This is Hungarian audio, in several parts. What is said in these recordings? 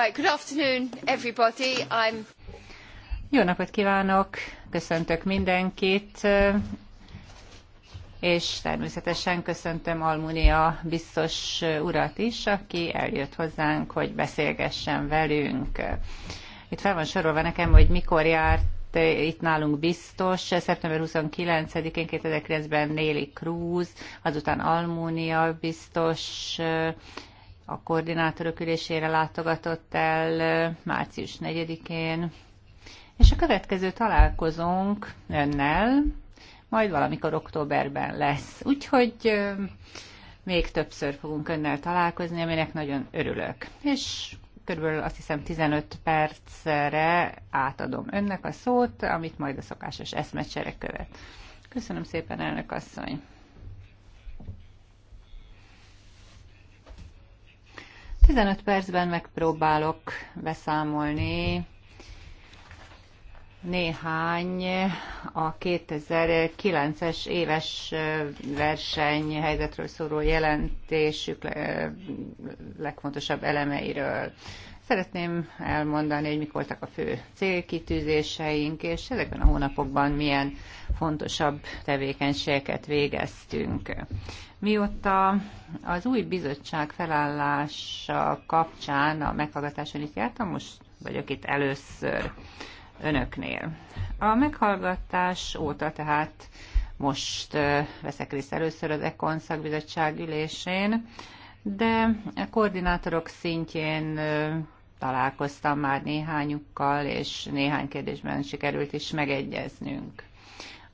Right, good afternoon, everybody. I'm... Jó napot kívánok, köszöntök mindenkit, és természetesen köszöntöm Almunia biztos urat is, aki eljött hozzánk, hogy beszélgessen velünk. Itt fel van sorolva nekem, hogy mikor járt itt nálunk biztos. Szeptember 29-én 2009-ben Néli Cruz, azután Almúnia biztos, a koordinátorok ülésére látogatott el március 4-én, és a következő találkozónk önnel majd valamikor októberben lesz. Úgyhogy még többször fogunk önnel találkozni, aminek nagyon örülök. És körülbelül azt hiszem 15 percre átadom önnek a szót, amit majd a szokásos eszmecsere követ. Köszönöm szépen, elnök asszony! 15 percben megpróbálok beszámolni néhány a 2009-es éves verseny helyzetről szóló jelentésük legfontosabb elemeiről. Szeretném elmondani, hogy mik voltak a fő célkitűzéseink, és ezekben a hónapokban milyen fontosabb tevékenységeket végeztünk. Mióta az új bizottság felállása kapcsán a meghallgatáson itt jártam, most vagyok itt először önöknél. A meghallgatás óta tehát most veszek részt először az ECON szakbizottság ülésén, de a koordinátorok szintjén találkoztam már néhányukkal, és néhány kérdésben sikerült is megegyeznünk.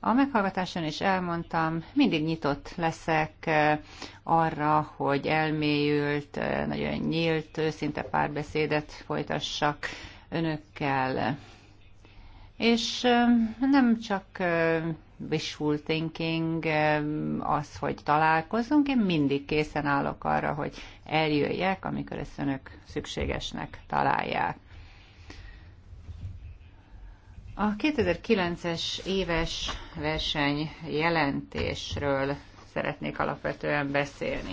A meghallgatáson is elmondtam, mindig nyitott leszek eh, arra, hogy elmélyült, eh, nagyon nyílt, őszinte párbeszédet folytassak önökkel. És eh, nem csak wishful thinking, az, hogy találkozunk, én mindig készen állok arra, hogy eljöjjek, amikor ezt önök szükségesnek találják. A 2009-es éves verseny jelentésről szeretnék alapvetően beszélni.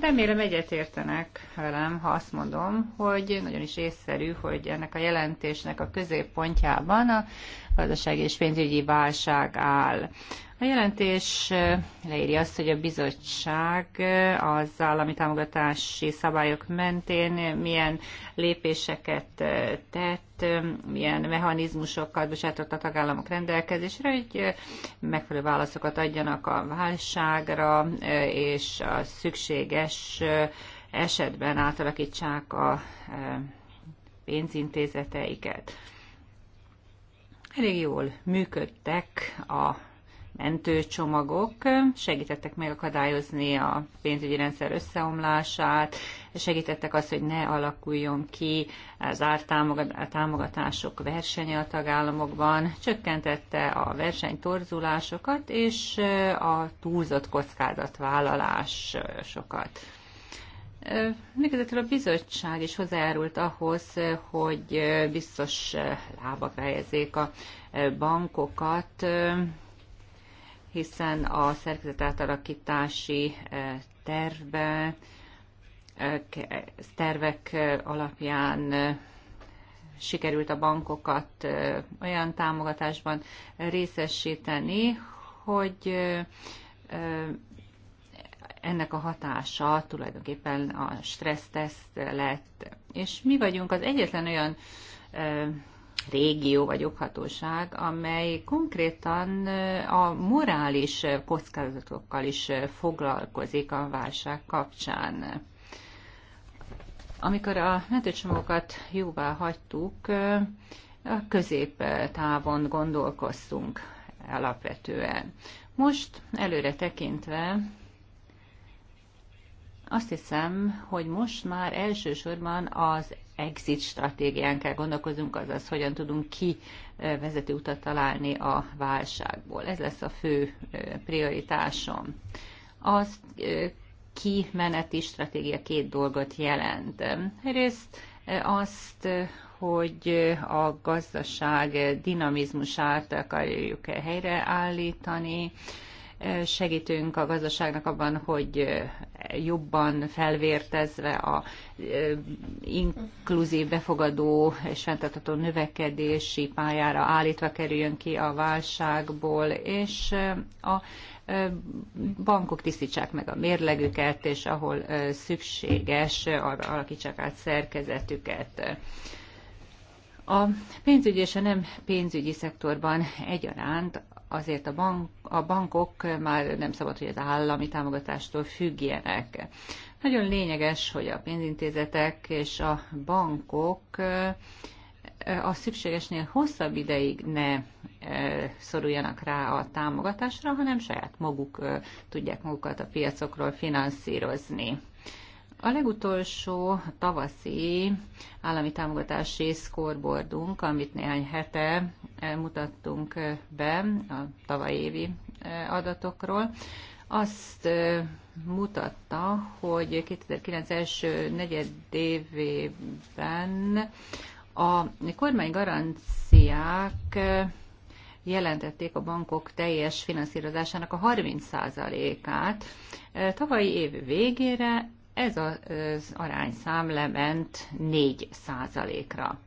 Remélem egyetértenek velem, ha azt mondom, hogy nagyon is észszerű, hogy ennek a jelentésnek a középpontjában a gazdasági és pénzügyi válság áll. A jelentés leírja azt, hogy a bizottság az állami támogatási szabályok mentén milyen lépéseket tett, milyen mechanizmusokat bocsátott a tagállamok rendelkezésre, hogy megfelelő válaszokat adjanak a válságra, és a szükséges esetben átalakítsák a pénzintézeteiket. Elég jól működtek a mentőcsomagok segítettek megakadályozni a pénzügyi rendszer összeomlását, segítettek az, hogy ne alakuljon ki az ártámogatások versenye a tagállamokban, csökkentette a versenytorzulásokat és a túlzott kockázatvállalásokat. Miközben a bizottság is hozzájárult ahhoz, hogy biztos lábakra helyezzék a bankokat, hiszen a szerkezet átalakítási eh, terve, eh, tervek eh, alapján sikerült a bankokat olyan támogatásban részesíteni, hogy ennek a hatása tulajdonképpen a stressztest lett. És mi vagyunk az egyetlen olyan régió vagy joghatóság, amely konkrétan a morális kockázatokkal is foglalkozik a válság kapcsán. Amikor a mentőcsomókat jóvá hagytuk, a középtávon gondolkoztunk alapvetően. Most előre tekintve azt hiszem, hogy most már elsősorban az exit stratégián kell gondolkozunk, azaz hogyan tudunk ki vezető utat találni a válságból. Ez lesz a fő prioritásom. Az kimeneti stratégia két dolgot jelent. Egyrészt azt, hogy a gazdaság dinamizmusát akarjuk helyreállítani, segítünk a gazdaságnak abban, hogy jobban felvértezve a inkluzív, befogadó és fenntartható növekedési pályára állítva kerüljön ki a válságból, és a bankok tisztítsák meg a mérlegüket, és ahol szükséges, arra alakítsák át szerkezetüket. A pénzügyi és a nem pénzügyi szektorban egyaránt azért a, bank, a bankok már nem szabad, hogy az állami támogatástól függjenek. Nagyon lényeges, hogy a pénzintézetek és a bankok a szükségesnél hosszabb ideig ne szoruljanak rá a támogatásra, hanem saját maguk tudják magukat a piacokról finanszírozni. A legutolsó tavaszi állami támogatási scoreboardunk, amit néhány hete mutattunk be a tavaly évi e, adatokról, azt e, mutatta, hogy 2009 első negyedévében a kormány garanciák e, jelentették a bankok teljes finanszírozásának a 30%-át. Tavalyi év végére ez az arányszám lement 4 ra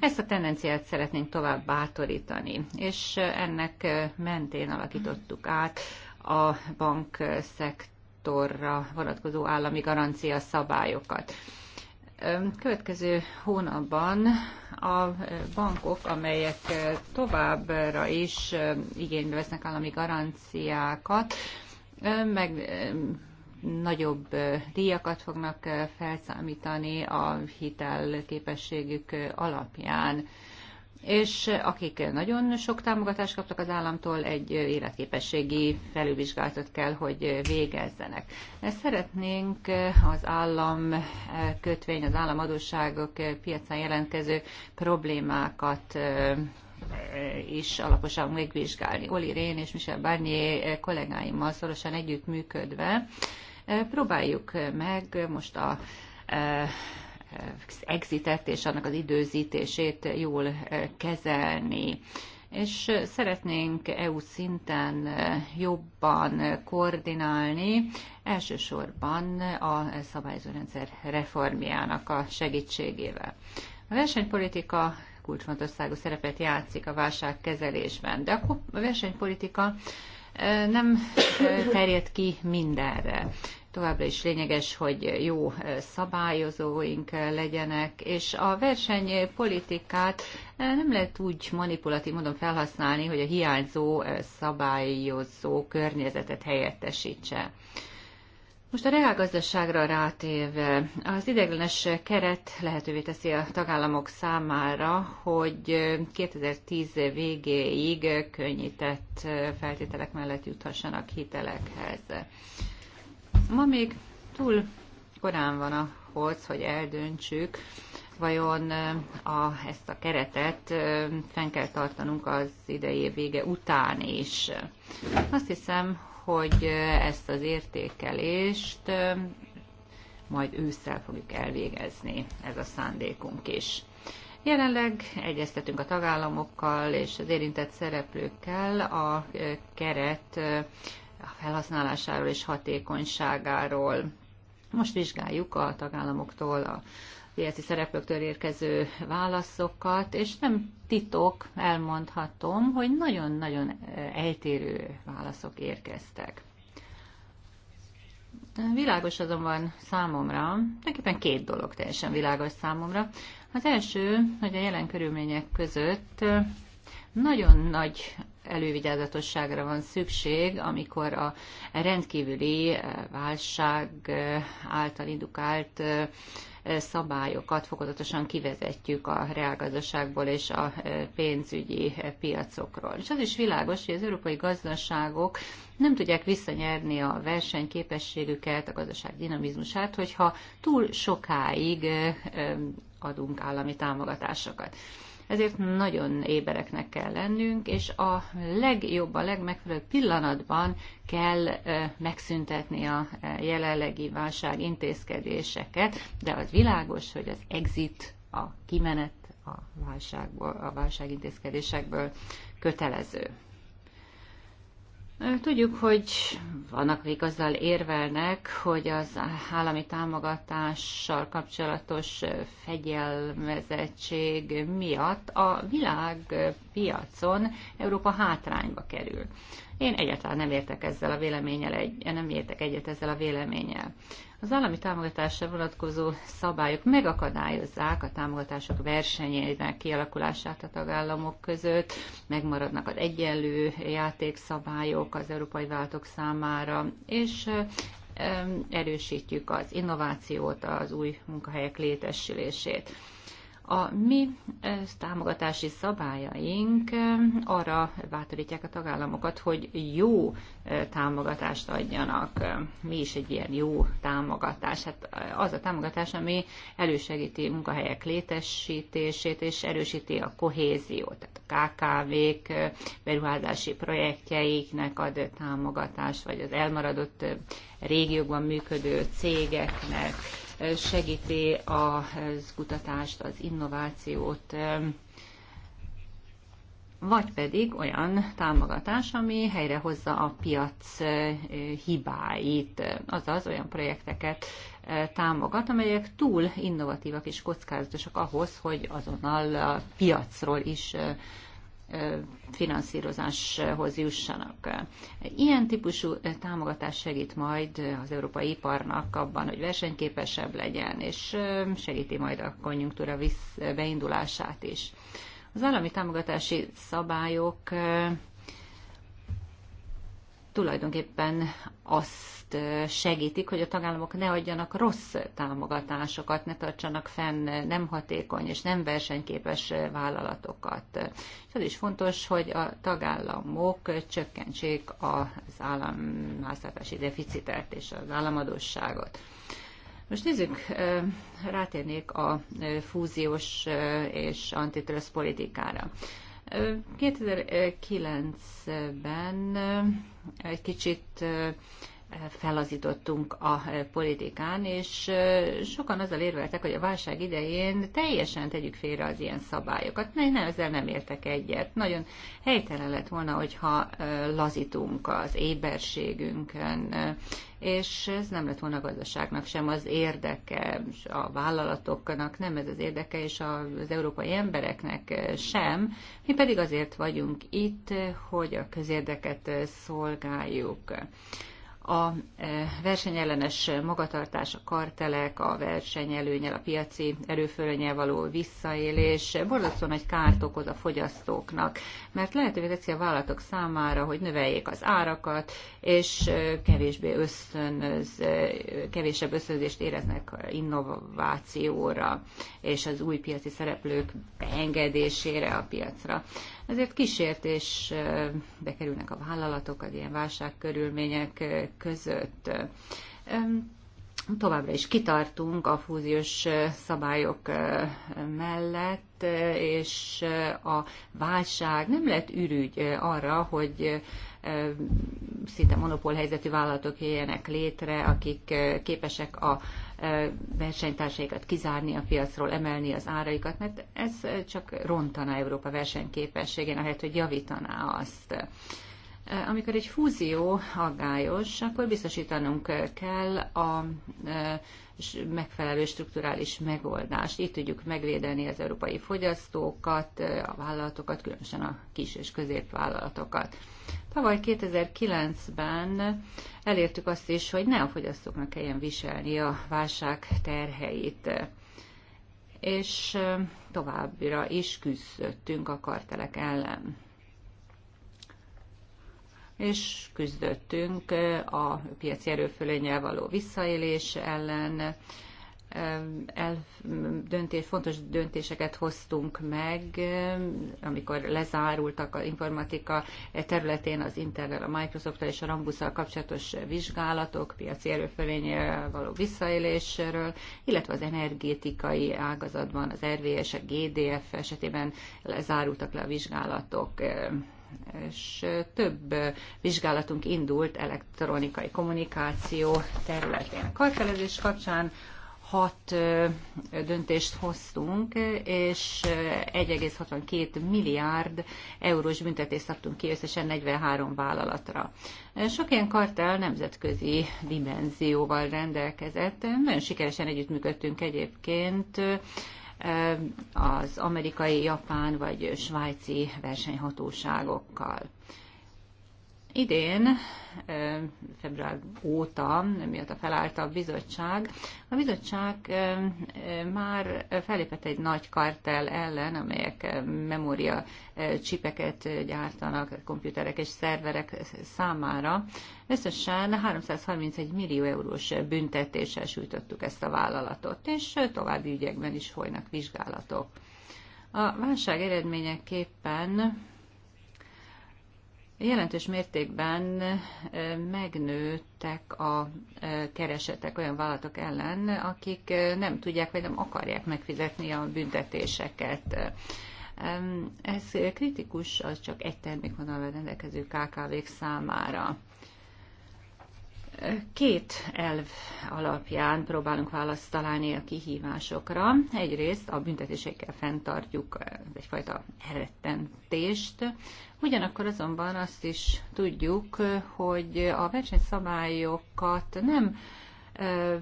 Ezt a tendenciát szeretnénk tovább bátorítani, és ennek mentén alakítottuk át a bankszektorra vonatkozó állami garancia szabályokat. Következő hónapban a bankok, amelyek továbbra is igénybe vesznek állami garanciákat, meg nagyobb díjakat fognak felszámítani a hitelképességük alapján és akik nagyon sok támogatást kaptak az államtól, egy életképességi felülvizsgálatot kell, hogy végezzenek. Szeretnénk az állam kötvény, az államadóságok piacán jelentkező problémákat is alaposan megvizsgálni. Oli Rén és Michel Barnier kollégáimmal szorosan együttműködve Próbáljuk meg most a e, e, exitet és annak az időzítését jól e, kezelni és szeretnénk EU szinten jobban koordinálni, elsősorban a szabályzórendszer reformjának a segítségével. A versenypolitika kulcsfontosságú szerepet játszik a válságkezelésben, de a versenypolitika nem terjed ki mindenre. Továbbra is lényeges, hogy jó szabályozóink legyenek, és a versenypolitikát nem lehet úgy manipulatív módon felhasználni, hogy a hiányzó szabályozó környezetet helyettesítse. Most a reálgazdaságra rátérve, az ideiglenes keret lehetővé teszi a tagállamok számára, hogy 2010 végéig könnyített feltételek mellett juthassanak hitelekhez. Ma még túl korán van ahhoz, hogy eldöntsük, vajon a, ezt a keretet fenn kell tartanunk az idei vége után is. Azt hiszem, hogy ezt az értékelést majd ősszel fogjuk elvégezni, ez a szándékunk is. Jelenleg egyeztetünk a tagállamokkal és az érintett szereplőkkel a keret felhasználásáról és hatékonyságáról. Most vizsgáljuk a tagállamoktól a piaci szereplőktől érkező válaszokat, és nem titok elmondhatom, hogy nagyon-nagyon eh, eltérő válaszok érkeztek. Világos azonban számomra, tulajdonképpen két dolog teljesen világos számomra. Az első, hogy a jelen körülmények között eh, nagyon nagy elővigyázatosságra van szükség, amikor a rendkívüli eh, válság által indukált szabályokat fokozatosan kivezetjük a reálgazdaságból és a e, pénzügyi e, piacokról. És az is világos, hogy az európai gazdaságok nem tudják visszanyerni a versenyképességüket, a gazdaság dinamizmusát, hogyha túl sokáig e, adunk állami támogatásokat. Ezért nagyon ébereknek kell lennünk, és a legjobb, a legmegfelelőbb pillanatban kell megszüntetni a jelenlegi válság intézkedéseket, de az világos, hogy az exit, a kimenet a válságból, a válságintézkedésekből kötelező. Tudjuk, hogy vannak, akik azzal érvelnek, hogy az állami támogatással kapcsolatos fegyelmezettség miatt a világpiacon Európa hátrányba kerül. Én egyáltalán nem értek ezzel a véleménnyel, egy, nem értek egyet ezzel a véleménnyel. Az állami támogatásra vonatkozó szabályok megakadályozzák a támogatások versenyének kialakulását a tagállamok között, megmaradnak az egyenlő játékszabályok az európai váltok számára, és erősítjük az innovációt, az új munkahelyek létesülését. A mi támogatási szabályaink arra bátorítják a tagállamokat, hogy jó támogatást adjanak. Mi is egy ilyen jó támogatás. Hát az a támogatás, ami elősegíti munkahelyek létesítését és erősíti a kohéziót. Tehát a KKV-k beruházási projektjeiknek ad támogatást, vagy az elmaradott régiókban működő cégeknek segíti a kutatást, az innovációt, vagy pedig olyan támogatás, ami helyrehozza a piac e, hibáit, azaz olyan projekteket e, támogat, amelyek túl innovatívak és kockázatosak ahhoz, hogy azonnal a piacról is e, finanszírozáshoz jussanak. Ilyen típusú támogatás segít majd az európai iparnak abban, hogy versenyképesebb legyen, és segíti majd a konjunktúra visz beindulását is. Az állami támogatási szabályok tulajdonképpen azt azt segítik, hogy a tagállamok ne adjanak rossz támogatásokat, ne tartsanak fenn nem hatékony és nem versenyképes vállalatokat. És az is fontos, hogy a tagállamok csökkentsék az államháztartási deficitet és az államadósságot. Most nézzük, rátérnék a fúziós és antitrust politikára. 2009-ben egy kicsit felazítottunk a politikán, és sokan azzal érveltek, hogy a válság idején teljesen tegyük félre az ilyen szabályokat. Nem, nem, ezzel nem értek egyet. Nagyon helytelen lett volna, hogyha lazítunk az éberségünkön, és ez nem lett volna a gazdaságnak sem az érdeke, a vállalatoknak nem ez az érdeke, és az európai embereknek sem. Mi pedig azért vagyunk itt, hogy a közérdeket szolgáljuk a e, versenyellenes magatartás, a kartelek, a versenyelőnyel, a piaci erőfölönyel való visszaélés borzasztó nagy kárt okoz a fogyasztóknak, mert lehetővé teszi a vállalatok számára, hogy növeljék az árakat, és e, kevésbé összönöz, e, kevésebb ösztönzést éreznek innovációra, és az új piaci szereplők beengedésére a piacra. Ezért kísértés bekerülnek a vállalatok az ilyen válságkörülmények között. Továbbra is kitartunk a fúziós szabályok mellett, és a válság nem lett ürügy arra, hogy szinte monopól helyzetű vállalatok éljenek létre, akik képesek a versenytársaikat kizárni a piacról, emelni az áraikat, mert ez csak rontana Európa versenyképességén, ahelyett, hogy javítaná azt. Amikor egy fúzió aggályos, akkor biztosítanunk kell a megfelelő strukturális megoldást. Így tudjuk megvédeni az európai fogyasztókat, a vállalatokat, különösen a kis és középvállalatokat. vállalatokat Tavaly 2009-ben elértük azt is, hogy ne a fogyasztóknak kelljen viselni a válság terheit és továbbra is küzdöttünk a kartelek ellen. És küzdöttünk a piaci erőfölényel való visszaélés ellen, el, döntés, fontos döntéseket hoztunk meg, amikor lezárultak a informatika területén az Intel, a microsoft és a Rambus kapcsolatos vizsgálatok, piaci erőfölényével való visszaélésről, illetve az energétikai ágazatban az RVS, a GDF esetében lezárultak le a vizsgálatok és több vizsgálatunk indult elektronikai kommunikáció területén. A kapcsán hat döntést hoztunk, és 1,62 milliárd eurós büntetést szabtunk ki összesen 43 vállalatra. Sok ilyen kartel nemzetközi dimenzióval rendelkezett. Nagyon sikeresen együttműködtünk egyébként az amerikai, japán vagy svájci versenyhatóságokkal. Idén, február óta, mióta felállt a bizottság, a bizottság már felépett egy nagy kartel ellen, amelyek memória csipeket gyártanak komputerek és szerverek számára. Összesen 331 millió eurós büntetéssel sújtottuk ezt a vállalatot, és további ügyekben is folynak vizsgálatok. A válság eredményeképpen Jelentős mértékben megnőttek a keresetek olyan vállalatok ellen, akik nem tudják vagy nem akarják megfizetni a büntetéseket. Ez kritikus, az csak egy termékvonal rendelkező KKV-k számára. Két elv alapján próbálunk választ találni a kihívásokra. Egyrészt a büntetésekkel fenntartjuk eh, egyfajta elrettentést, ugyanakkor azonban azt is tudjuk, hogy a versenyszabályokat nem eh,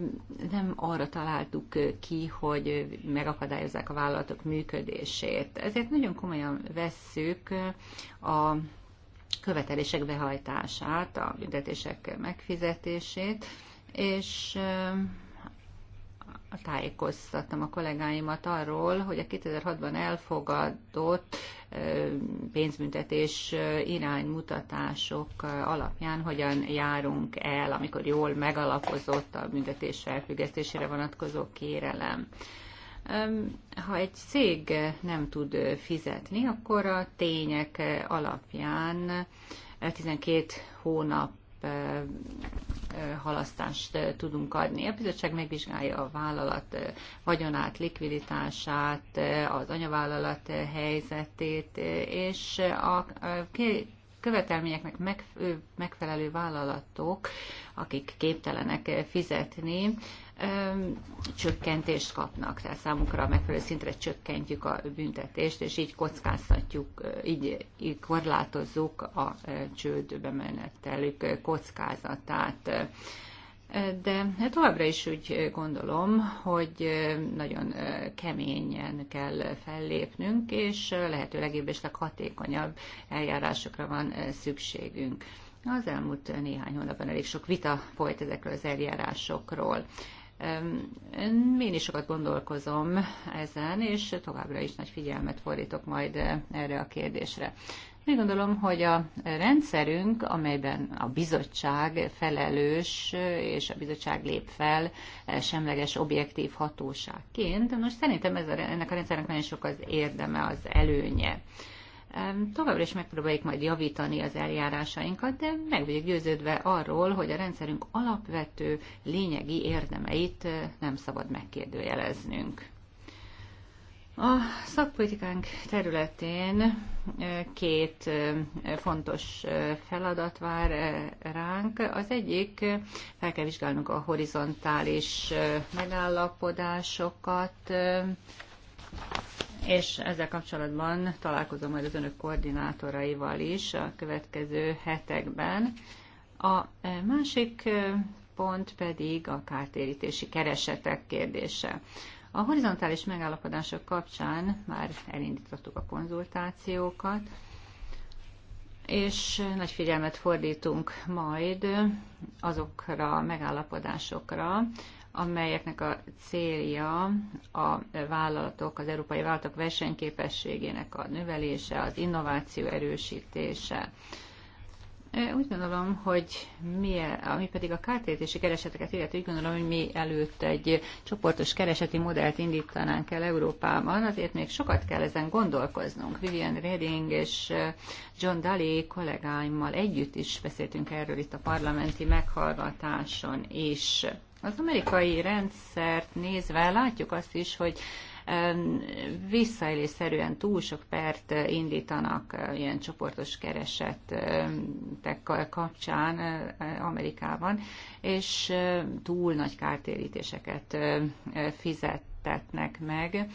nem arra találtuk ki, hogy megakadályozzák a vállalatok működését. Ezért nagyon komolyan vesszük a követelések behajtását, a büntetések megfizetését, és tájékoztattam a kollégáimat arról, hogy a 2006-ban elfogadott pénzbüntetés iránymutatások alapján hogyan járunk el, amikor jól megalapozott a büntetés felfüggesztésére vonatkozó kérelem ha egy cég nem tud fizetni, akkor a tények alapján 12 hónap eh, eh, halasztást eh, tudunk adni. A bizottság megvizsgálja a vállalat vagyonát, likviditását, az anyavállalat helyzetét, és a követelményeknek megfelelő vállalatok, akik képtelenek fizetni, csökkentést kapnak. Tehát számunkra megfelelő szintre csökkentjük a büntetést, és így kockáztatjuk, így, így korlátozzuk a csődbe menetelük kockázatát. De hát továbbra is úgy gondolom, hogy nagyon keményen kell fellépnünk, és lehető legjobb és leghatékonyabb eljárásokra van szükségünk. Az elmúlt néhány hónapban elég sok vita folyt ezekről az eljárásokról. Én is sokat gondolkozom ezen, és továbbra is nagy figyelmet fordítok majd erre a kérdésre. Én gondolom, hogy a rendszerünk, amelyben a bizottság felelős, és a bizottság lép fel e, semleges objektív hatóságként, most szerintem ez a, ennek a rendszernek nagyon sok az érdeme, az előnye. Továbbra is megpróbáljuk majd javítani az eljárásainkat, de meg vagyok győződve arról, hogy a rendszerünk alapvető lényegi érdemeit eh, nem szabad megkérdőjeleznünk. A szakpolitikánk területén eh, két eh, fontos feladat vár ránk. Az egyik, fel kell vizsgálnunk a horizontális megállapodásokat, és ezzel kapcsolatban találkozom majd az önök koordinátoraival is a következő hetekben. A e, másik e, pont pedig a kártérítési keresetek kérdése. A horizontális megállapodások kapcsán már elindítottuk a konzultációkat, és nagy figyelmet fordítunk majd azokra a megállapodásokra, amelyeknek a célja a vállalatok, az európai vállalatok versenyképességének a növelése, az innováció erősítése. Úgy gondolom, hogy mi, ami pedig a kártérítési kereseteket illeti, úgy gondolom, hogy mi előtt egy csoportos kereseti modellt indítanánk el Európában, azért még sokat kell ezen gondolkoznunk. Vivian Reding és John Daly kollégáimmal együtt is beszéltünk erről itt a parlamenti meghallgatáson is. Az amerikai rendszert nézve látjuk azt is, hogy visszaélésszerűen túl sok pert indítanak ilyen csoportos keresettek kapcsán Amerikában, és túl nagy kártérítéseket fizettetnek meg.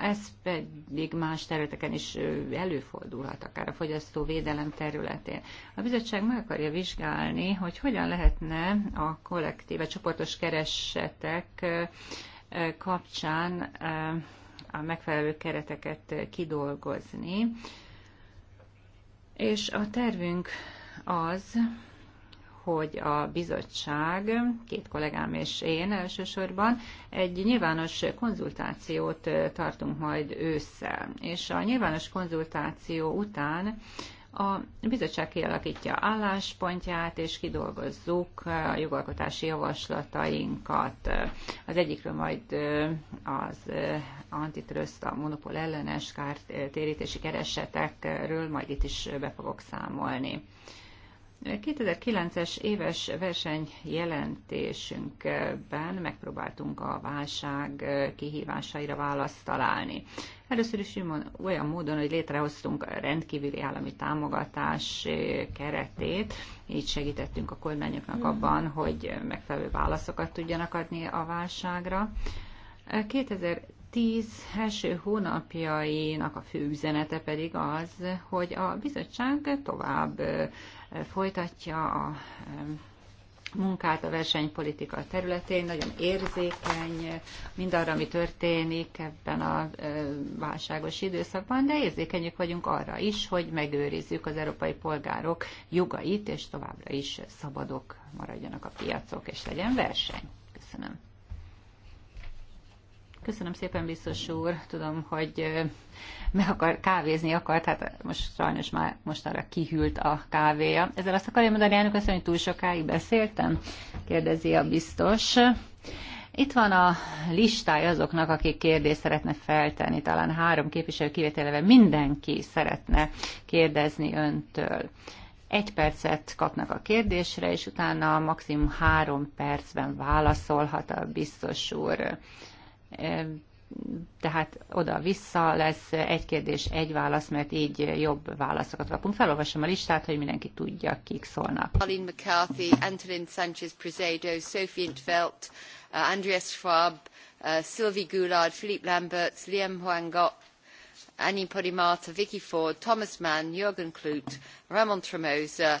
Ez pedig más területeken is előfordulhat, akár a fogyasztóvédelem területén. A bizottság meg akarja vizsgálni, hogy hogyan lehetne a kollektíve csoportos keresetek kapcsán a megfelelő kereteket kidolgozni. És a tervünk az, hogy a bizottság, két kollégám és én elsősorban, egy nyilvános konzultációt tartunk majd ősszel. És a nyilvános konzultáció után a bizottság kialakítja álláspontját, és kidolgozzuk a jogalkotási javaslatainkat. Az egyikről majd az antitrust, a monopól ellenes kártérítési keresetekről majd itt is be fogok számolni. 2009-es éves versenyjelentésünkben megpróbáltunk a válság kihívásaira választ találni. Először is olyan módon, hogy létrehoztunk rendkívüli állami támogatás keretét, így segítettünk a kormányoknak abban, hogy megfelelő válaszokat tudjanak adni a válságra. 2000 10 első hónapjainak a fő üzenete pedig az, hogy a bizottság tovább folytatja a munkát a versenypolitika területén, nagyon érzékeny mindarra, ami történik ebben a válságos időszakban, de érzékenyek vagyunk arra is, hogy megőrizzük az európai polgárok jogait, és továbbra is szabadok maradjanak a piacok, és legyen verseny. Köszönöm. Köszönöm szépen, biztos úr. Tudom, hogy meg akar, kávézni akart, hát most sajnos már mostanra kihűlt a kávéja. Ezzel azt akarja mondani, elnök azt, hogy túl sokáig beszéltem? Kérdezi a biztos. Itt van a listája azoknak, akik kérdést szeretne feltenni. Talán három képviselő kivételével mindenki szeretne kérdezni öntől. Egy percet kapnak a kérdésre, és utána maximum három percben válaszolhat a biztos úr tehát oda-vissza lesz egy kérdés, egy válasz, mert így jobb válaszokat kapunk. Felolvasom a listát, hogy mindenki tudja, kik szólnak. Pauline McCarthy, Antolin Sanchez Prezedo, Sophie Intveld, uh, Andreas Schwab, uh, Sylvie Goulard, Philippe Lamberts, Liam Huangot, Annie Podimata, Vicky Ford, Thomas Mann, Jürgen Klut, Ramon Tremosa,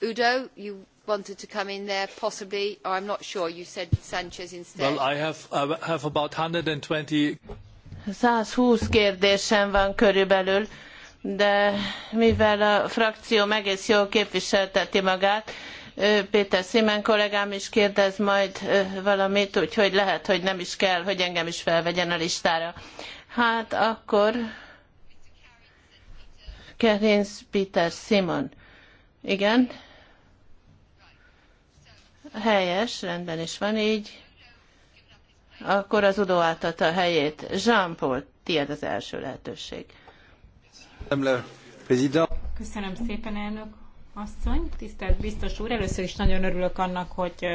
Udo, you wanted to come in there, possibly, or oh, I'm not sure. You said Sanchez instead. Well, I have, I uh, have about 120... 120 kérdésem van körülbelül, de mivel a frakció egész jól képviselteti magát, Péter Szimen kollégám is kérdez majd valamit, úgyhogy lehet, hogy nem is kell, hogy engem is felvegyen a listára. Hát akkor Kerinc Peter Simon. Igen? Helyes, rendben is van így. Akkor az Udo átadta a helyét. Jean-Paul, tiéd az első lehetőség. Köszönöm szépen, elnök asszony. Tisztelt biztos úr, először is nagyon örülök annak, hogy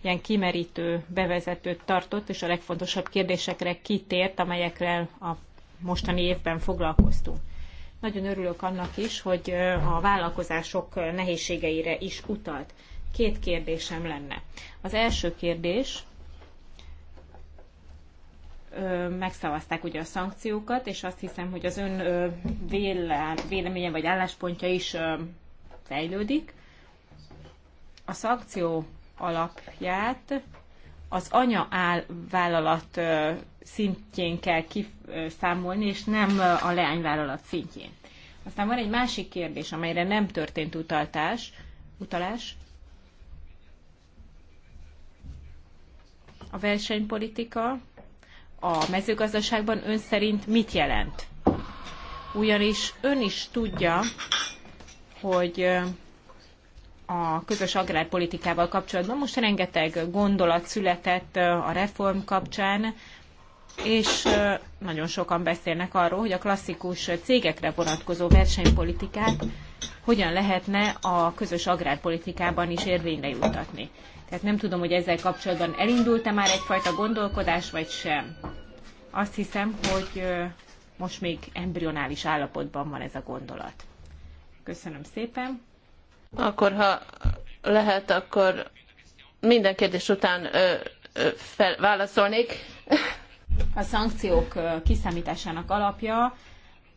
ilyen kimerítő bevezetőt tartott, és a legfontosabb kérdésekre kitért, amelyekre a mostani évben foglalkoztunk. Nagyon örülök annak is, hogy a vállalkozások nehézségeire is utalt. Két kérdésem lenne. Az első kérdés, megszavazták ugye a szankciókat, és azt hiszem, hogy az ön véleménye vagy álláspontja is fejlődik. A szankció alapját az anya vállalat szintjén kell kiszámolni, és nem a leányvállalat szintjén. Aztán van egy másik kérdés, amelyre nem történt utaltás, utalás. a versenypolitika a mezőgazdaságban ön szerint mit jelent? Ugyanis ön is tudja, hogy a közös agrárpolitikával kapcsolatban most rengeteg gondolat született a reform kapcsán, és nagyon sokan beszélnek arról, hogy a klasszikus cégekre vonatkozó versenypolitikát hogyan lehetne a közös agrárpolitikában is érvényre juttatni. Tehát nem tudom, hogy ezzel kapcsolatban elindult-e már egyfajta gondolkodás, vagy sem. Azt hiszem, hogy most még embrionális állapotban van ez a gondolat. Köszönöm szépen. Akkor, ha lehet, akkor minden kérdés után ö, ö, fel, válaszolnék. A szankciók kiszámításának alapja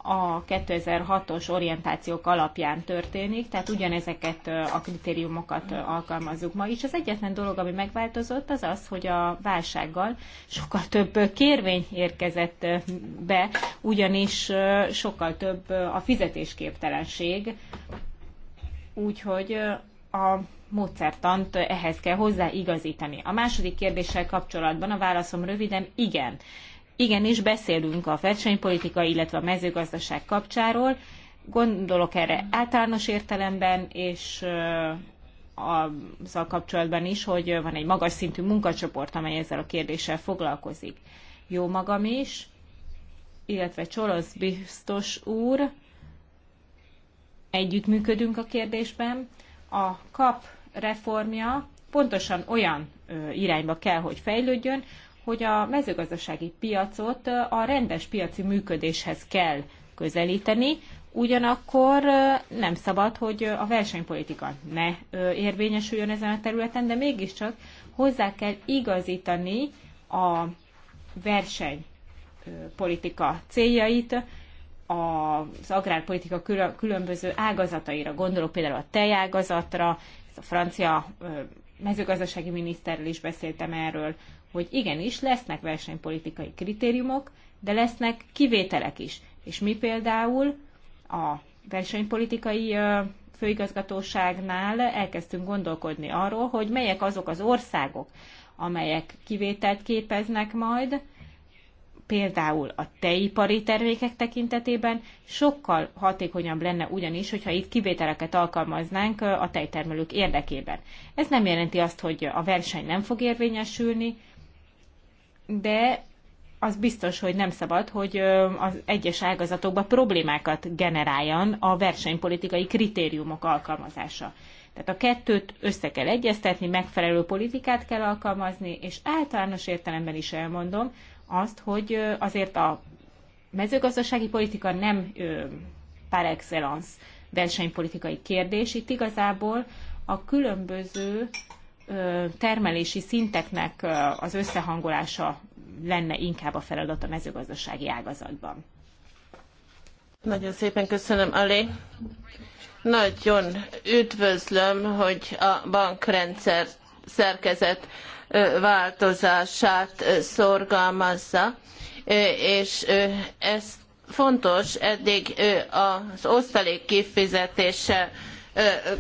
a 2006-os orientációk alapján történik, tehát ugyanezeket a kritériumokat alkalmazzuk ma is. Az egyetlen dolog, ami megváltozott, az az, hogy a válsággal sokkal több kérvény érkezett be, ugyanis sokkal több a fizetésképtelenség, úgyhogy a módszertant ehhez kell hozzáigazítani. A második kérdéssel kapcsolatban a válaszom röviden igen igenis beszélünk a versenypolitika, illetve a mezőgazdaság kapcsáról. Gondolok erre általános értelemben, és azzal kapcsolatban is, hogy van egy magas szintű munkacsoport, amely ezzel a kérdéssel foglalkozik. Jó magam is, illetve Csolosz biztos úr, együttműködünk a kérdésben. A kap reformja pontosan olyan irányba kell, hogy fejlődjön, hogy a mezőgazdasági piacot a rendes piaci működéshez kell közelíteni, ugyanakkor nem szabad, hogy a versenypolitika ne érvényesüljön ezen a területen, de mégiscsak hozzá kell igazítani a versenypolitika céljait, az agrárpolitika különböző ágazataira, gondolok például a tejágazatra, a francia mezőgazdasági miniszterrel is beszéltem erről, hogy igenis lesznek versenypolitikai kritériumok, de lesznek kivételek is. És mi például a versenypolitikai főigazgatóságnál elkezdtünk gondolkodni arról, hogy melyek azok az országok, amelyek kivételt képeznek majd, például a teipari termékek tekintetében sokkal hatékonyabb lenne ugyanis, hogyha itt kivételeket alkalmaznánk a tejtermelők érdekében. Ez nem jelenti azt, hogy a verseny nem fog érvényesülni, de az biztos, hogy nem szabad, hogy az egyes ágazatokban problémákat generáljon a versenypolitikai kritériumok alkalmazása. Tehát a kettőt össze kell egyeztetni, megfelelő politikát kell alkalmazni, és általános értelemben is elmondom azt, hogy azért a mezőgazdasági politika nem par excellence versenypolitikai kérdés. Itt igazából a különböző termelési szinteknek az összehangolása lenne inkább a feladat a mezőgazdasági ágazatban. Nagyon szépen köszönöm, Ali. Nagyon üdvözlöm, hogy a bankrendszer szerkezet változását szorgalmazza, és ez fontos eddig az osztalék kifizetése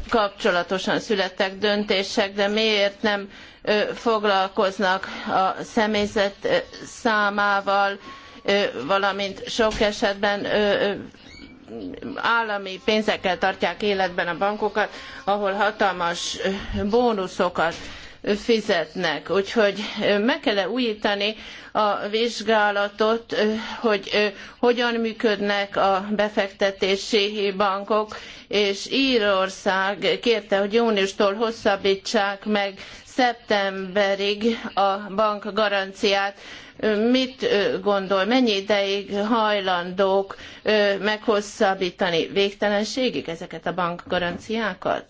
kapcsolatosan születtek döntések, de miért nem foglalkoznak a személyzet számával, valamint sok esetben állami pénzekkel tartják életben a bankokat, ahol hatalmas bónuszokat fizetnek. Úgyhogy meg kell -e újítani a vizsgálatot, hogy hogyan működnek a befektetési bankok, és Írország kérte, hogy júniustól hosszabbítsák meg szeptemberig a bank garanciát. Mit gondol, mennyi ideig hajlandók meghosszabbítani végtelenségig ezeket a bankgaranciákat?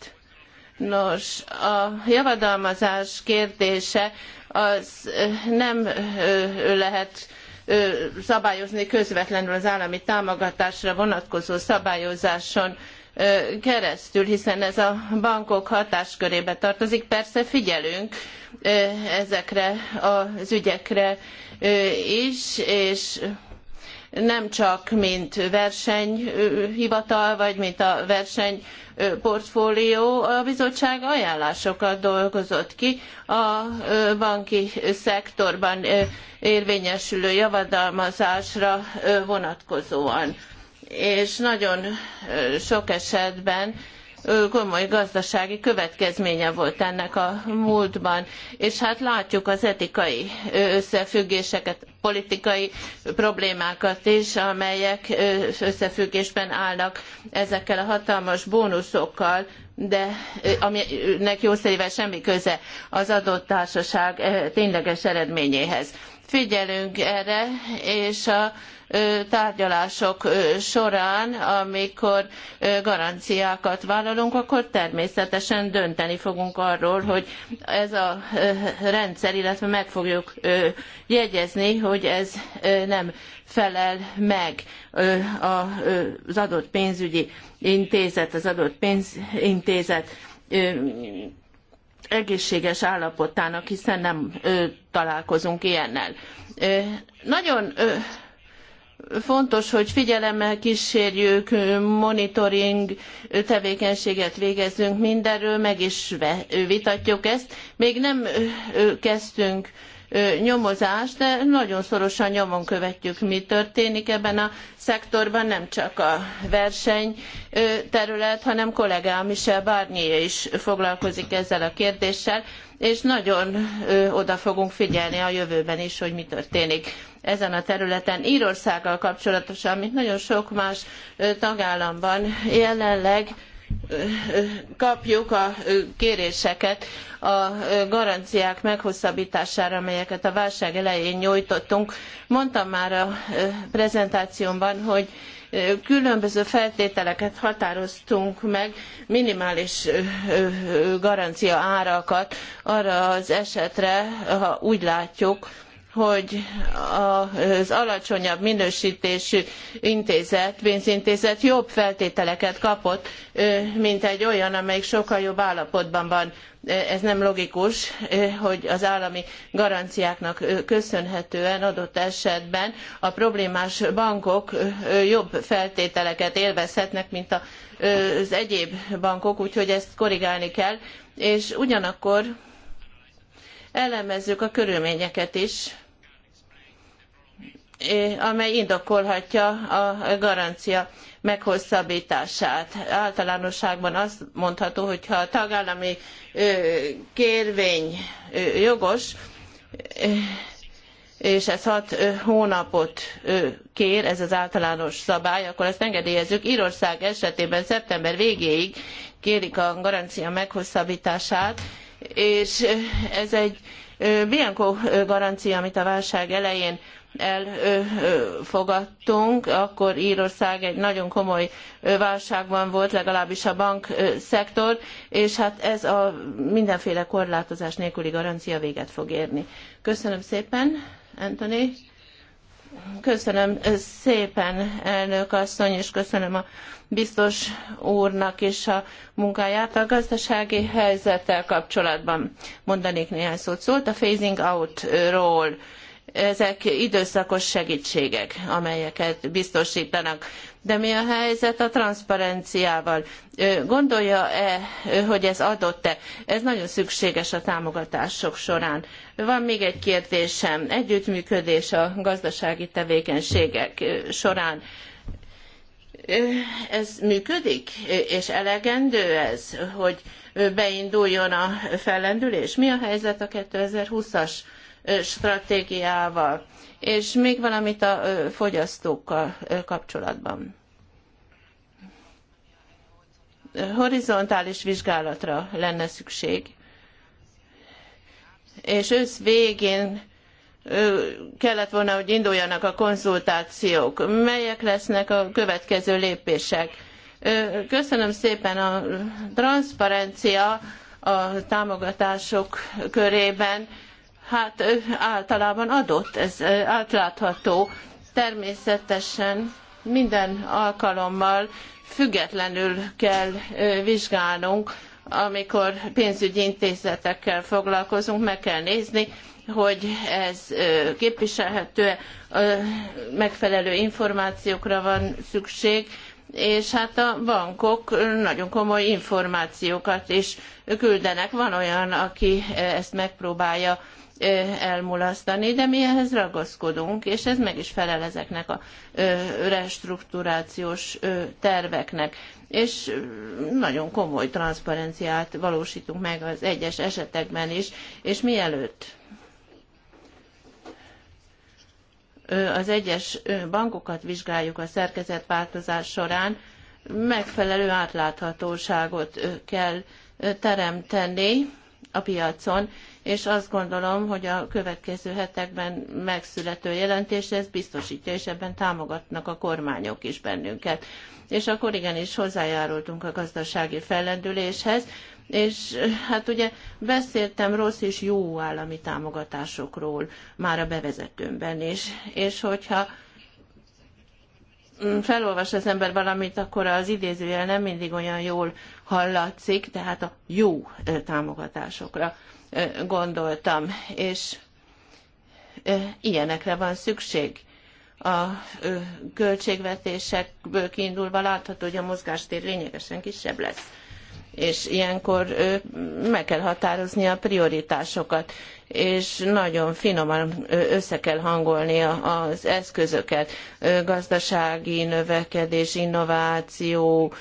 Nos, a javadalmazás kérdése az nem lehet szabályozni közvetlenül az állami támogatásra vonatkozó szabályozáson keresztül, hiszen ez a bankok hatáskörébe tartozik. Persze figyelünk ezekre az ügyekre is, és nem csak mint versenyhivatal, vagy mint a versenyportfólió, a bizottság ajánlásokat dolgozott ki a banki szektorban érvényesülő javadalmazásra vonatkozóan. És nagyon sok esetben komoly gazdasági következménye volt ennek a múltban. És hát látjuk az etikai összefüggéseket, politikai problémákat is, amelyek összefüggésben állnak ezekkel a hatalmas bónuszokkal, de aminek jószerivel semmi köze az adott társaság tényleges eredményéhez figyelünk erre, és a tárgyalások során, amikor garanciákat vállalunk, akkor természetesen dönteni fogunk arról, hogy ez a rendszer, illetve meg fogjuk jegyezni, hogy ez nem felel meg az adott pénzügyi intézet, az adott pénzintézet egészséges állapotának, hiszen nem ö, találkozunk ilyennel. Ö, nagyon ö, fontos, hogy figyelemmel kísérjük, monitoring tevékenységet végezzünk mindenről, meg is vitatjuk ezt. Még nem kezdtünk Nyomozás, de nagyon szorosan nyomon követjük, mi történik ebben a szektorban, nem csak a verseny terület, hanem kollégám Michel Barnier is foglalkozik ezzel a kérdéssel, és nagyon oda fogunk figyelni a jövőben is, hogy mi történik ezen a területen. Írországgal kapcsolatosan, mint nagyon sok más tagállamban jelenleg kapjuk a kéréseket a garanciák meghosszabbítására, amelyeket a válság elején nyújtottunk. Mondtam már a prezentációmban, hogy különböző feltételeket határoztunk meg, minimális garancia árakat arra az esetre, ha úgy látjuk, hogy az alacsonyabb minősítésű intézet, pénzintézet jobb feltételeket kapott, mint egy olyan, amelyik sokkal jobb állapotban van. Ez nem logikus, hogy az állami garanciáknak köszönhetően adott esetben a problémás bankok jobb feltételeket élvezhetnek, mint az egyéb bankok, úgyhogy ezt korrigálni kell, és ugyanakkor elemezzük a körülményeket is amely indokolhatja a garancia meghosszabbítását. Általánosságban azt mondható, hogy ha a tagállami kérvény jogos, és ez hat hónapot kér, ez az általános szabály, akkor ezt engedélyezzük. Írország esetében szeptember végéig kérik a garancia meghosszabbítását, és ez egy Bianco garancia, amit a válság elején elfogadtunk, akkor Írország egy nagyon komoly válságban volt, legalábbis a bankszektor, és hát ez a mindenféle korlátozás nélküli garancia véget fog érni. Köszönöm szépen, Anthony. Köszönöm szépen, elnök asszony, és köszönöm a biztos úrnak is a munkáját a gazdasági helyzettel kapcsolatban. Mondanék néhány szót. Szólt a phasing out-ról ezek időszakos segítségek, amelyeket biztosítanak. De mi a helyzet a transzparenciával? Gondolja-e, hogy ez adott-e? Ez nagyon szükséges a támogatások során. Van még egy kérdésem. Együttműködés a gazdasági tevékenységek során ez működik, és elegendő ez, hogy beinduljon a fellendülés? Mi a helyzet a 2020-as stratégiával. És még valamit a fogyasztókkal kapcsolatban. Horizontális vizsgálatra lenne szükség. És ősz végén kellett volna, hogy induljanak a konzultációk. Melyek lesznek a következő lépések? Köszönöm szépen a transzparencia a támogatások körében hát általában adott, ez átlátható. Természetesen minden alkalommal függetlenül kell vizsgálnunk, amikor pénzügyi intézetekkel foglalkozunk, meg kell nézni, hogy ez képviselhető, -e, megfelelő információkra van szükség, és hát a bankok nagyon komoly információkat is küldenek. Van olyan, aki ezt megpróbálja elmulasztani, de mi ehhez ragaszkodunk, és ez meg is felel ezeknek a restrukturációs terveknek. És nagyon komoly transzparenciát valósítunk meg az egyes esetekben is, és mielőtt az egyes bankokat vizsgáljuk a szerkezetváltozás során, megfelelő átláthatóságot kell teremteni, a piacon, és azt gondolom, hogy a következő hetekben megszülető jelentés ez biztosítja, és ebben támogatnak a kormányok is bennünket. És akkor igenis hozzájárultunk a gazdasági fellendüléshez, és hát ugye beszéltem rossz és jó állami támogatásokról már a bevezetőmben is, és hogyha felolvas az ember valamit, akkor az idézőjel nem mindig olyan jól hallatszik, tehát a jó támogatásokra gondoltam, és ilyenekre van szükség. A költségvetésekből kiindulva látható, hogy a mozgástér lényegesen kisebb lesz és ilyenkor meg kell határozni a prioritásokat és nagyon finoman össze kell hangolni az eszközöket, gazdasági növekedés, innováció,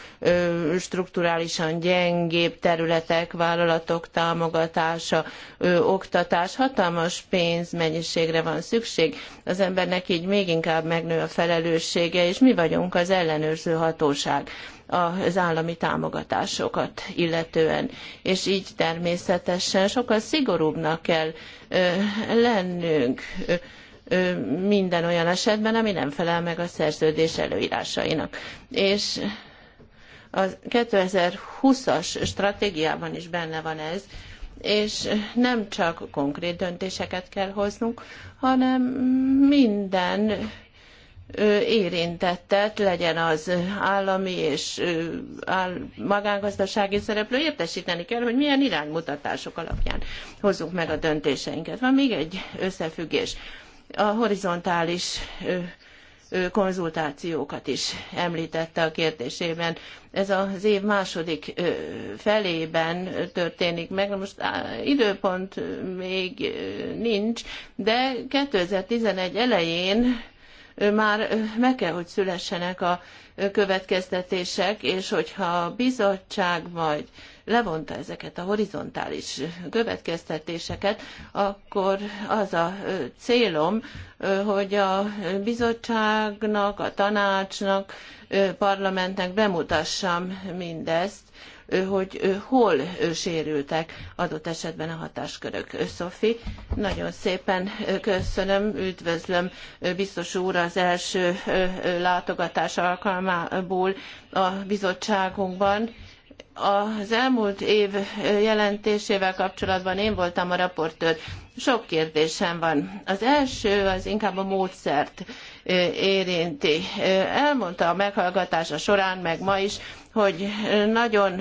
strukturálisan gyengébb területek, vállalatok támogatása, oktatás, hatalmas pénzmennyiségre van szükség, az embernek így még inkább megnő a felelőssége, és mi vagyunk az ellenőrző hatóság az állami támogatásokat illetően. És így természetesen sokkal szigorúbbnak kell lennünk minden olyan esetben, ami nem felel meg a szerződés előírásainak. És a 2020-as stratégiában is benne van ez, és nem csak konkrét döntéseket kell hoznunk, hanem minden érintettet, legyen az állami és magángazdasági szereplő, értesíteni kell, hogy milyen iránymutatások alapján hozzuk meg a döntéseinket. Van még egy összefüggés. A horizontális konzultációkat is említette a kérdésében. Ez az év második felében történik meg, most időpont még nincs, de 2011 elején már meg kell, hogy szülessenek a következtetések, és hogyha a bizottság majd levonta ezeket a horizontális következtetéseket, akkor az a célom, hogy a bizottságnak, a tanácsnak, parlamentnek bemutassam mindezt, hogy hol sérültek adott esetben a hatáskörök. Szofi, nagyon szépen köszönöm, üdvözlöm biztos úr az első látogatás alkalmából a bizottságunkban az elmúlt év jelentésével kapcsolatban én voltam a raportőr. Sok kérdésem van. Az első az inkább a módszert érinti. Elmondta a meghallgatása során, meg ma is, hogy nagyon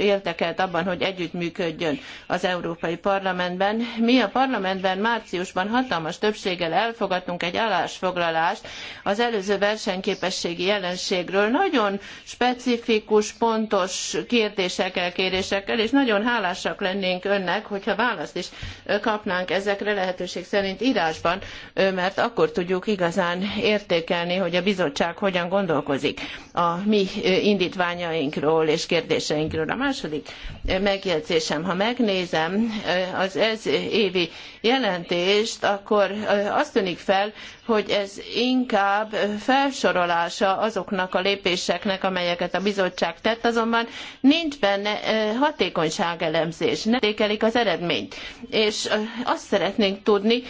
érdekelt abban, hogy együttműködjön az Európai Parlamentben. Mi a parlamentben márciusban hatalmas többséggel elfogadtunk egy állásfoglalást az előző versenyképességi jelenségről. Nagyon specifikus, pontos kérdésekkel, kérésekkel, és nagyon hálásak lennénk önnek, hogyha választ is kapnánk ezekre lehetőség szerint írásban, mert akkor tudjuk igazán értékelni, hogy a bizottság hogyan gondolkozik a mi indítványainkról és kérdéseinkről. A második megjegyzésem, ha megnézem az ez évi jelentést, akkor azt tűnik fel, hogy ez inkább felsorolása azoknak a lépéseknek, amelyeket a bizottság tett, azonban nincs benne hatékonyságelemzés, nem értékelik az eredményt. És azt szeretnénk tudni,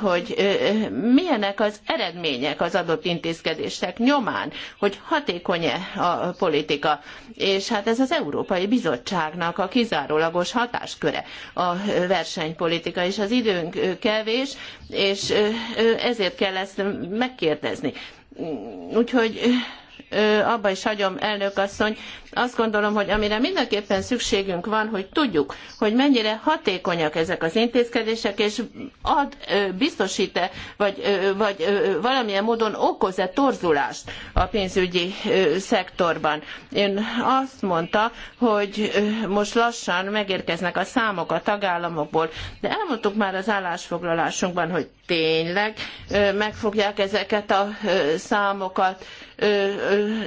hogy milyenek az eredmények az adott intézkedések nyomán, hogy hatékony-e a politika. És hát ez az Európai Bizottságnak a kizárólagos hatásköre a versenypolitika, és az időnk kevés, és ezért kell ezt megkérdezni. Úgyhogy abba is hagyom, elnök asszony. Azt gondolom, hogy amire mindenképpen szükségünk van, hogy tudjuk, hogy mennyire hatékonyak ezek az intézkedések, és ad, biztosít-e, vagy, vagy valamilyen módon okoz-e torzulást a pénzügyi szektorban. Én azt mondta, hogy most lassan megérkeznek a számok a tagállamokból, de elmondtuk már az állásfoglalásunkban, hogy tényleg meg fogják ezeket a számokat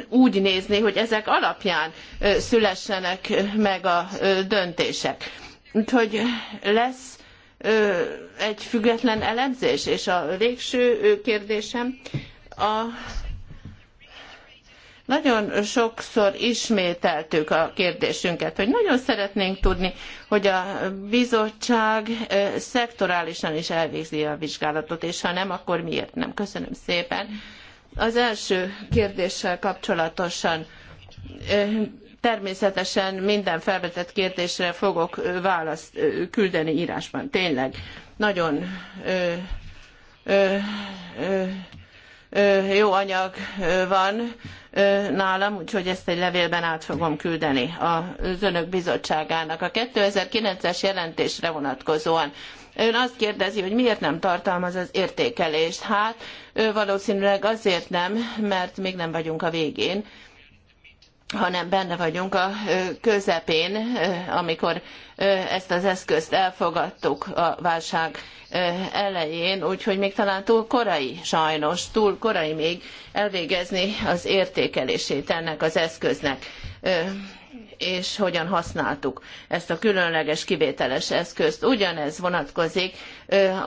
úgy nézni, hogy ezek alapján szülessenek meg a döntések. Úgyhogy lesz egy független elemzés, és a végső kérdésem a nagyon sokszor ismételtük a kérdésünket, hogy nagyon szeretnénk tudni, hogy a bizottság szektorálisan is elvégzi a vizsgálatot, és ha nem, akkor miért nem? Köszönöm szépen. Az első kérdéssel kapcsolatosan természetesen minden felvetett kérdésre fogok választ küldeni írásban. Tényleg nagyon ö, ö, ö, jó anyag van nálam, úgyhogy ezt egy levélben át fogom küldeni az önök bizottságának. A 2009-es jelentésre vonatkozóan Ön azt kérdezi, hogy miért nem tartalmaz az értékelést. Hát valószínűleg azért nem, mert még nem vagyunk a végén hanem benne vagyunk a közepén, amikor ezt az eszközt elfogadtuk a válság elején, úgyhogy még talán túl korai sajnos, túl korai még elvégezni az értékelését ennek az eszköznek és hogyan használtuk ezt a különleges kivételes eszközt. Ugyanez vonatkozik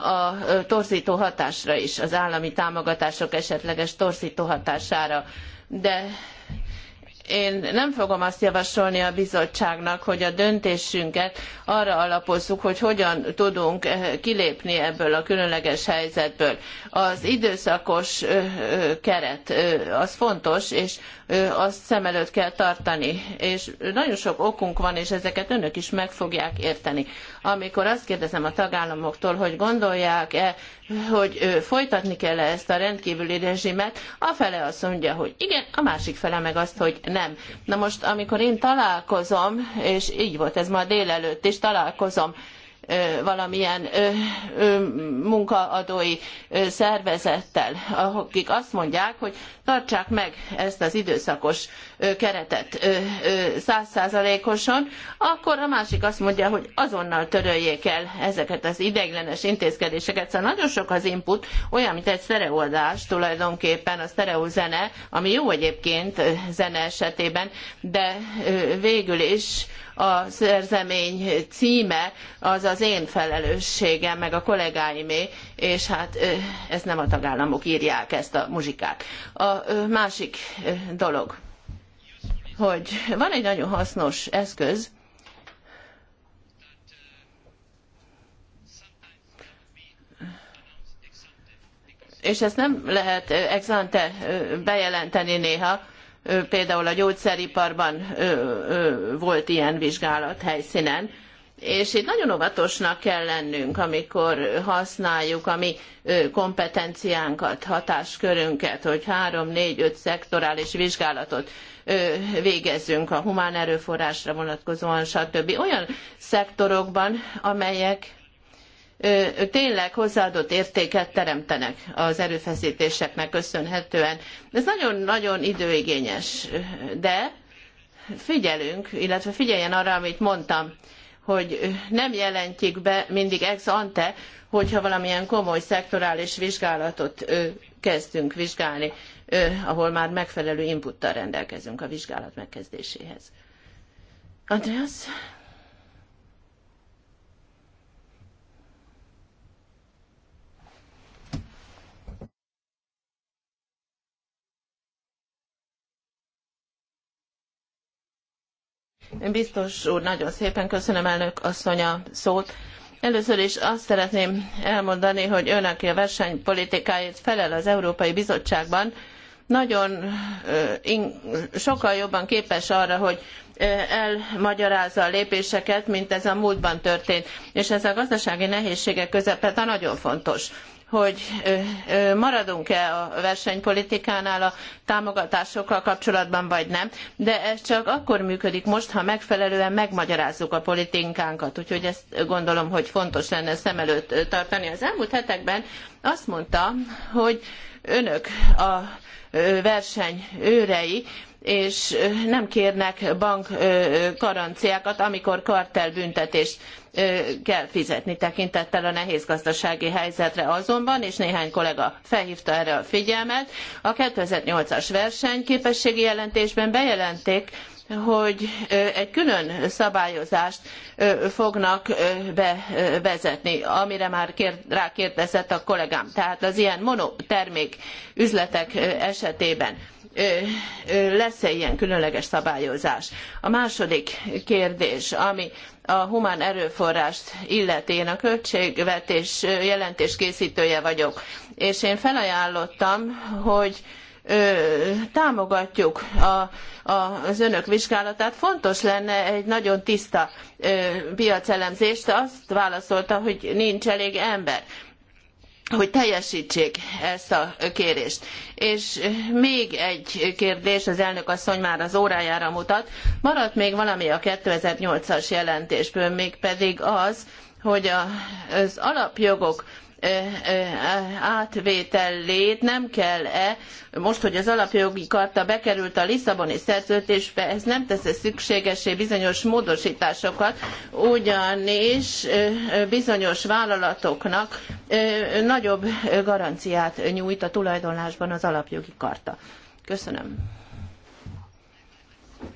a torzító hatásra is, az állami támogatások esetleges torzító hatására. De én nem fogom azt javasolni a bizottságnak, hogy a döntésünket arra alapozzuk, hogy hogyan tudunk eh, kilépni ebből a különleges helyzetből. Az időszakos keret az fontos, és azt szem előtt kell tartani. És nagyon sok okunk van, és ezeket önök is meg fogják érteni. Amikor azt kérdezem a tagállamoktól, hogy gondolják-e, hogy folytatni kell -e ezt a rendkívüli rezsimet, a fele azt mondja, hogy igen, a másik fele meg azt, hogy nem. Na most, amikor én találkozom, és így volt ez ma délelőtt is, találkozom valamilyen munkaadói szervezettel, akik azt mondják, hogy tartsák meg ezt az időszakos keretet százszázalékosan, akkor a másik azt mondja, hogy azonnal töröljék el ezeket az ideiglenes intézkedéseket. Szóval nagyon sok az input, olyan, mint egy sztereoldás tulajdonképpen, a zene, ami jó egyébként zene esetében, de végül is a szerzemény címe az az én felelősségem, meg a kollégáimé, és hát ez nem a tagállamok írják ezt a muzsikát. A másik dolog hogy van egy nagyon hasznos eszköz, és ezt nem lehet exante bejelenteni néha, például a gyógyszeriparban volt ilyen vizsgálat helyszínen, és itt nagyon óvatosnak kell lennünk, amikor használjuk a mi kompetenciánkat, hatáskörünket, hogy három, négy, öt szektorális vizsgálatot végezzünk a humán erőforrásra vonatkozóan, stb. Olyan szektorokban, amelyek tényleg hozzáadott értéket teremtenek az erőfeszítéseknek köszönhetően. Ez nagyon-nagyon időigényes, de figyelünk, illetve figyeljen arra, amit mondtam, hogy nem jelentjük be mindig ex ante, hogyha valamilyen komoly szektorális vizsgálatot kezdünk vizsgálni ahol már megfelelő inputtal rendelkezünk a vizsgálat megkezdéséhez. Andreas? Biztos úr, nagyon szépen köszönöm elnök asszony a szót. Először is azt szeretném elmondani, hogy ön, aki a versenypolitikáért felel az Európai Bizottságban, nagyon sokkal jobban képes arra, hogy elmagyarázza a lépéseket, mint ez a múltban történt. És ez a gazdasági nehézségek közepette nagyon fontos hogy maradunk-e a versenypolitikánál a támogatásokkal kapcsolatban, vagy nem, de ez csak akkor működik most, ha megfelelően megmagyarázzuk a politikánkat, úgyhogy ezt gondolom, hogy fontos lenne szem előtt tartani. Az elmúlt hetekben azt mondta, hogy önök a verseny őrei, és nem kérnek bankgaranciákat, amikor kartelbüntetést kell fizetni tekintettel a nehéz gazdasági helyzetre azonban, és néhány kollega felhívta erre a figyelmet, a 2008-as versenyképességi jelentésben bejelenték, hogy egy külön szabályozást fognak bevezetni, amire már rákérdezett a kollégám. Tehát az ilyen monotermék üzletek esetében lesz-e ilyen különleges szabályozás? A második kérdés, ami a humán erőforrást illeti, én a költségvetés jelentés készítője vagyok, és én felajánlottam, hogy támogatjuk a, a, az önök vizsgálatát. Fontos lenne egy nagyon tiszta ö, piacelemzést. Azt válaszolta, hogy nincs elég ember hogy teljesítsék ezt a kérést. És még egy kérdés, az elnök asszony már az órájára mutat. Maradt még valami a 2008-as jelentésből, mégpedig az, hogy az alapjogok átvétellét nem kell-e, most, hogy az alapjogi karta bekerült a Lisszaboni szerződésbe, ez nem tesz -e szükségesé bizonyos módosításokat, ugyanis bizonyos vállalatoknak nagyobb garanciát nyújt a tulajdonlásban az alapjogi karta. Köszönöm.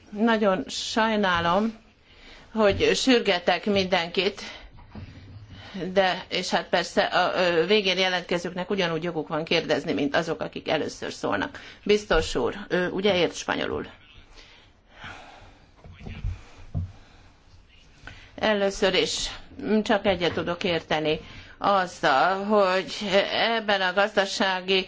Nagyon sajnálom, hogy sürgetek mindenkit, de, és hát persze a végén jelentkezőknek ugyanúgy joguk van kérdezni, mint azok, akik először szólnak. Biztos úr, ő ugye ért spanyolul? Először is csak egyet tudok érteni azzal, hogy ebben a gazdasági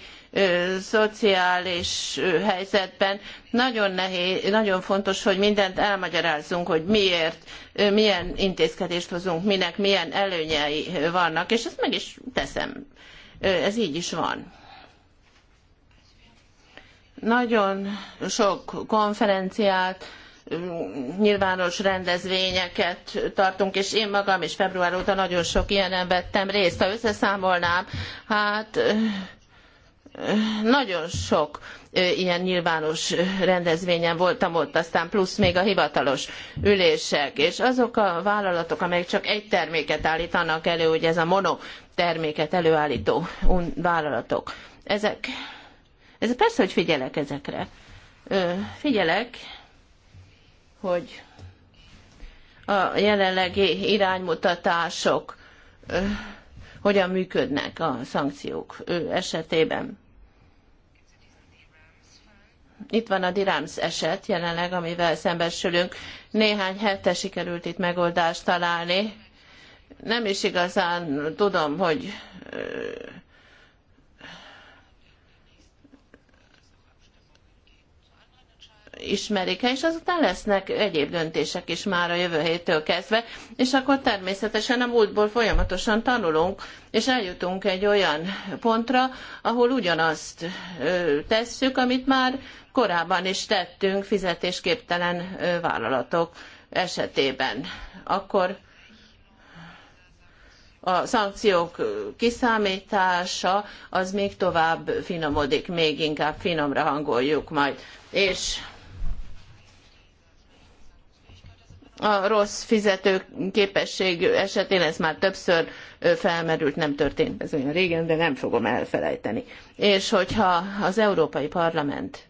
szociális helyzetben nagyon nehéz, nagyon fontos, hogy mindent elmagyarázzunk, hogy miért, milyen intézkedést hozunk, minek milyen előnyei vannak, és ezt meg is teszem. Ez így is van. Nagyon sok konferenciát, nyilvános rendezvényeket tartunk, és én magam is február óta nagyon sok ilyenen vettem részt. Ha összeszámolnám, hát nagyon sok ilyen nyilvános rendezvényen voltam ott, aztán plusz még a hivatalos ülések, és azok a vállalatok, amelyek csak egy terméket állítanak elő, ugye ez a mono terméket előállító vállalatok, ezek, ez persze, hogy figyelek ezekre. figyelek, hogy a jelenlegi iránymutatások hogyan működnek a szankciók ő esetében. Itt van a Dirams eset jelenleg, amivel szembesülünk. Néhány hete sikerült itt megoldást találni. Nem is igazán tudom, hogy ismerik el, és azután lesznek egyéb döntések is már a jövő héttől kezdve, és akkor természetesen a múltból folyamatosan tanulunk, és eljutunk egy olyan pontra, ahol ugyanazt tesszük, amit már korábban is tettünk fizetésképtelen vállalatok esetében. Akkor a szankciók kiszámítása az még tovább finomodik, még inkább finomra hangoljuk majd. És a rossz fizetőképesség esetén ez már többször felmerült, nem történt ez olyan régen, de nem fogom elfelejteni. És hogyha az Európai Parlament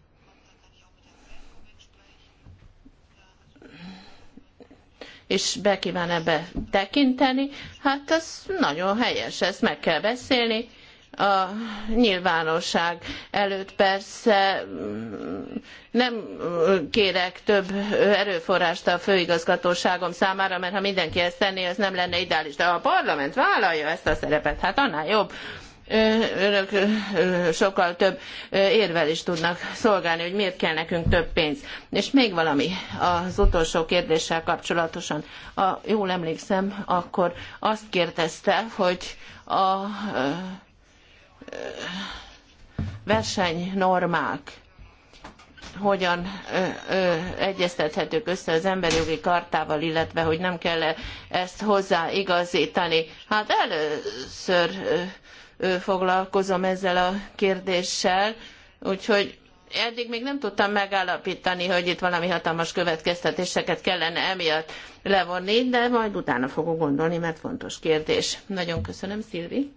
és be kíván ebbe tekinteni, hát az nagyon helyes, ezt meg kell beszélni, a nyilvánosság előtt persze mm, nem kérek több erőforrást a főigazgatóságom számára, mert ha mindenki ezt tenné, az nem lenne ideális. De ha a parlament vállalja ezt a szerepet, hát annál jobb önök sokkal több érvel is tudnak szolgálni, hogy miért kell nekünk több pénz. És még valami az utolsó kérdéssel kapcsolatosan. A, jól emlékszem, akkor azt kérdezte, hogy a, a versenynormák hogyan ö, ö, egyeztethetők össze az emberi jogi kartával, illetve hogy nem kell -e ezt hozzáigazítani. Hát először ö, foglalkozom ezzel a kérdéssel, úgyhogy eddig még nem tudtam megállapítani, hogy itt valami hatalmas következtetéseket kellene emiatt levonni, de majd utána fogok gondolni, mert fontos kérdés. Nagyon köszönöm, Szilvi.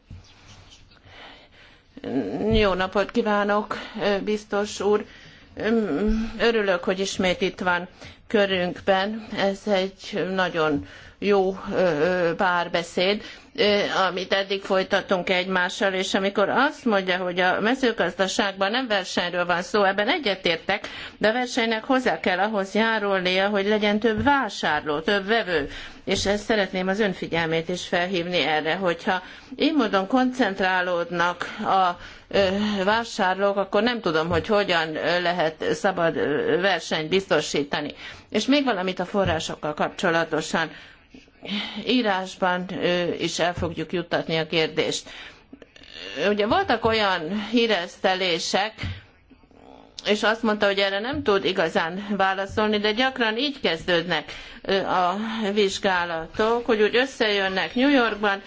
Jó napot kívánok, biztos úr. Örülök, hogy ismét itt van körünkben. Ez egy nagyon jó párbeszéd amit eddig folytatunk egymással, és amikor azt mondja, hogy a mezőgazdaságban nem versenyről van szó, ebben egyetértek, de a versenynek hozzá kell ahhoz járulnia, hogy legyen több vásárló, több vevő. És ezt szeretném az ön figyelmét is felhívni erre, hogyha így módon koncentrálódnak a vásárlók, akkor nem tudom, hogy hogyan lehet szabad versenyt biztosítani. És még valamit a forrásokkal kapcsolatosan írásban is el fogjuk juttatni a kérdést. Ugye voltak olyan híresztelések, és azt mondta, hogy erre nem tud igazán válaszolni, de gyakran így kezdődnek a vizsgálatok, hogy úgy összejönnek New Yorkban,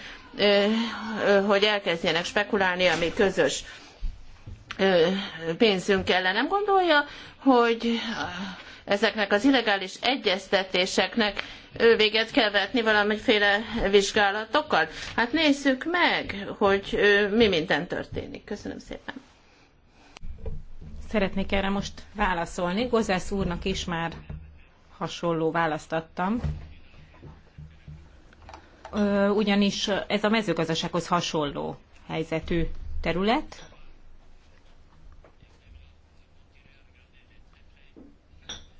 hogy elkezdjenek spekulálni, a mi közös pénzünk ellen. Nem gondolja, hogy ezeknek az illegális egyeztetéseknek véget kell vetni valamiféle vizsgálatokkal? Hát nézzük meg, hogy mi minden történik. Köszönöm szépen. Szeretnék erre most válaszolni. Gozász úrnak is már hasonló választ adtam. Ugyanis ez a mezőgazdasághoz hasonló helyzetű terület,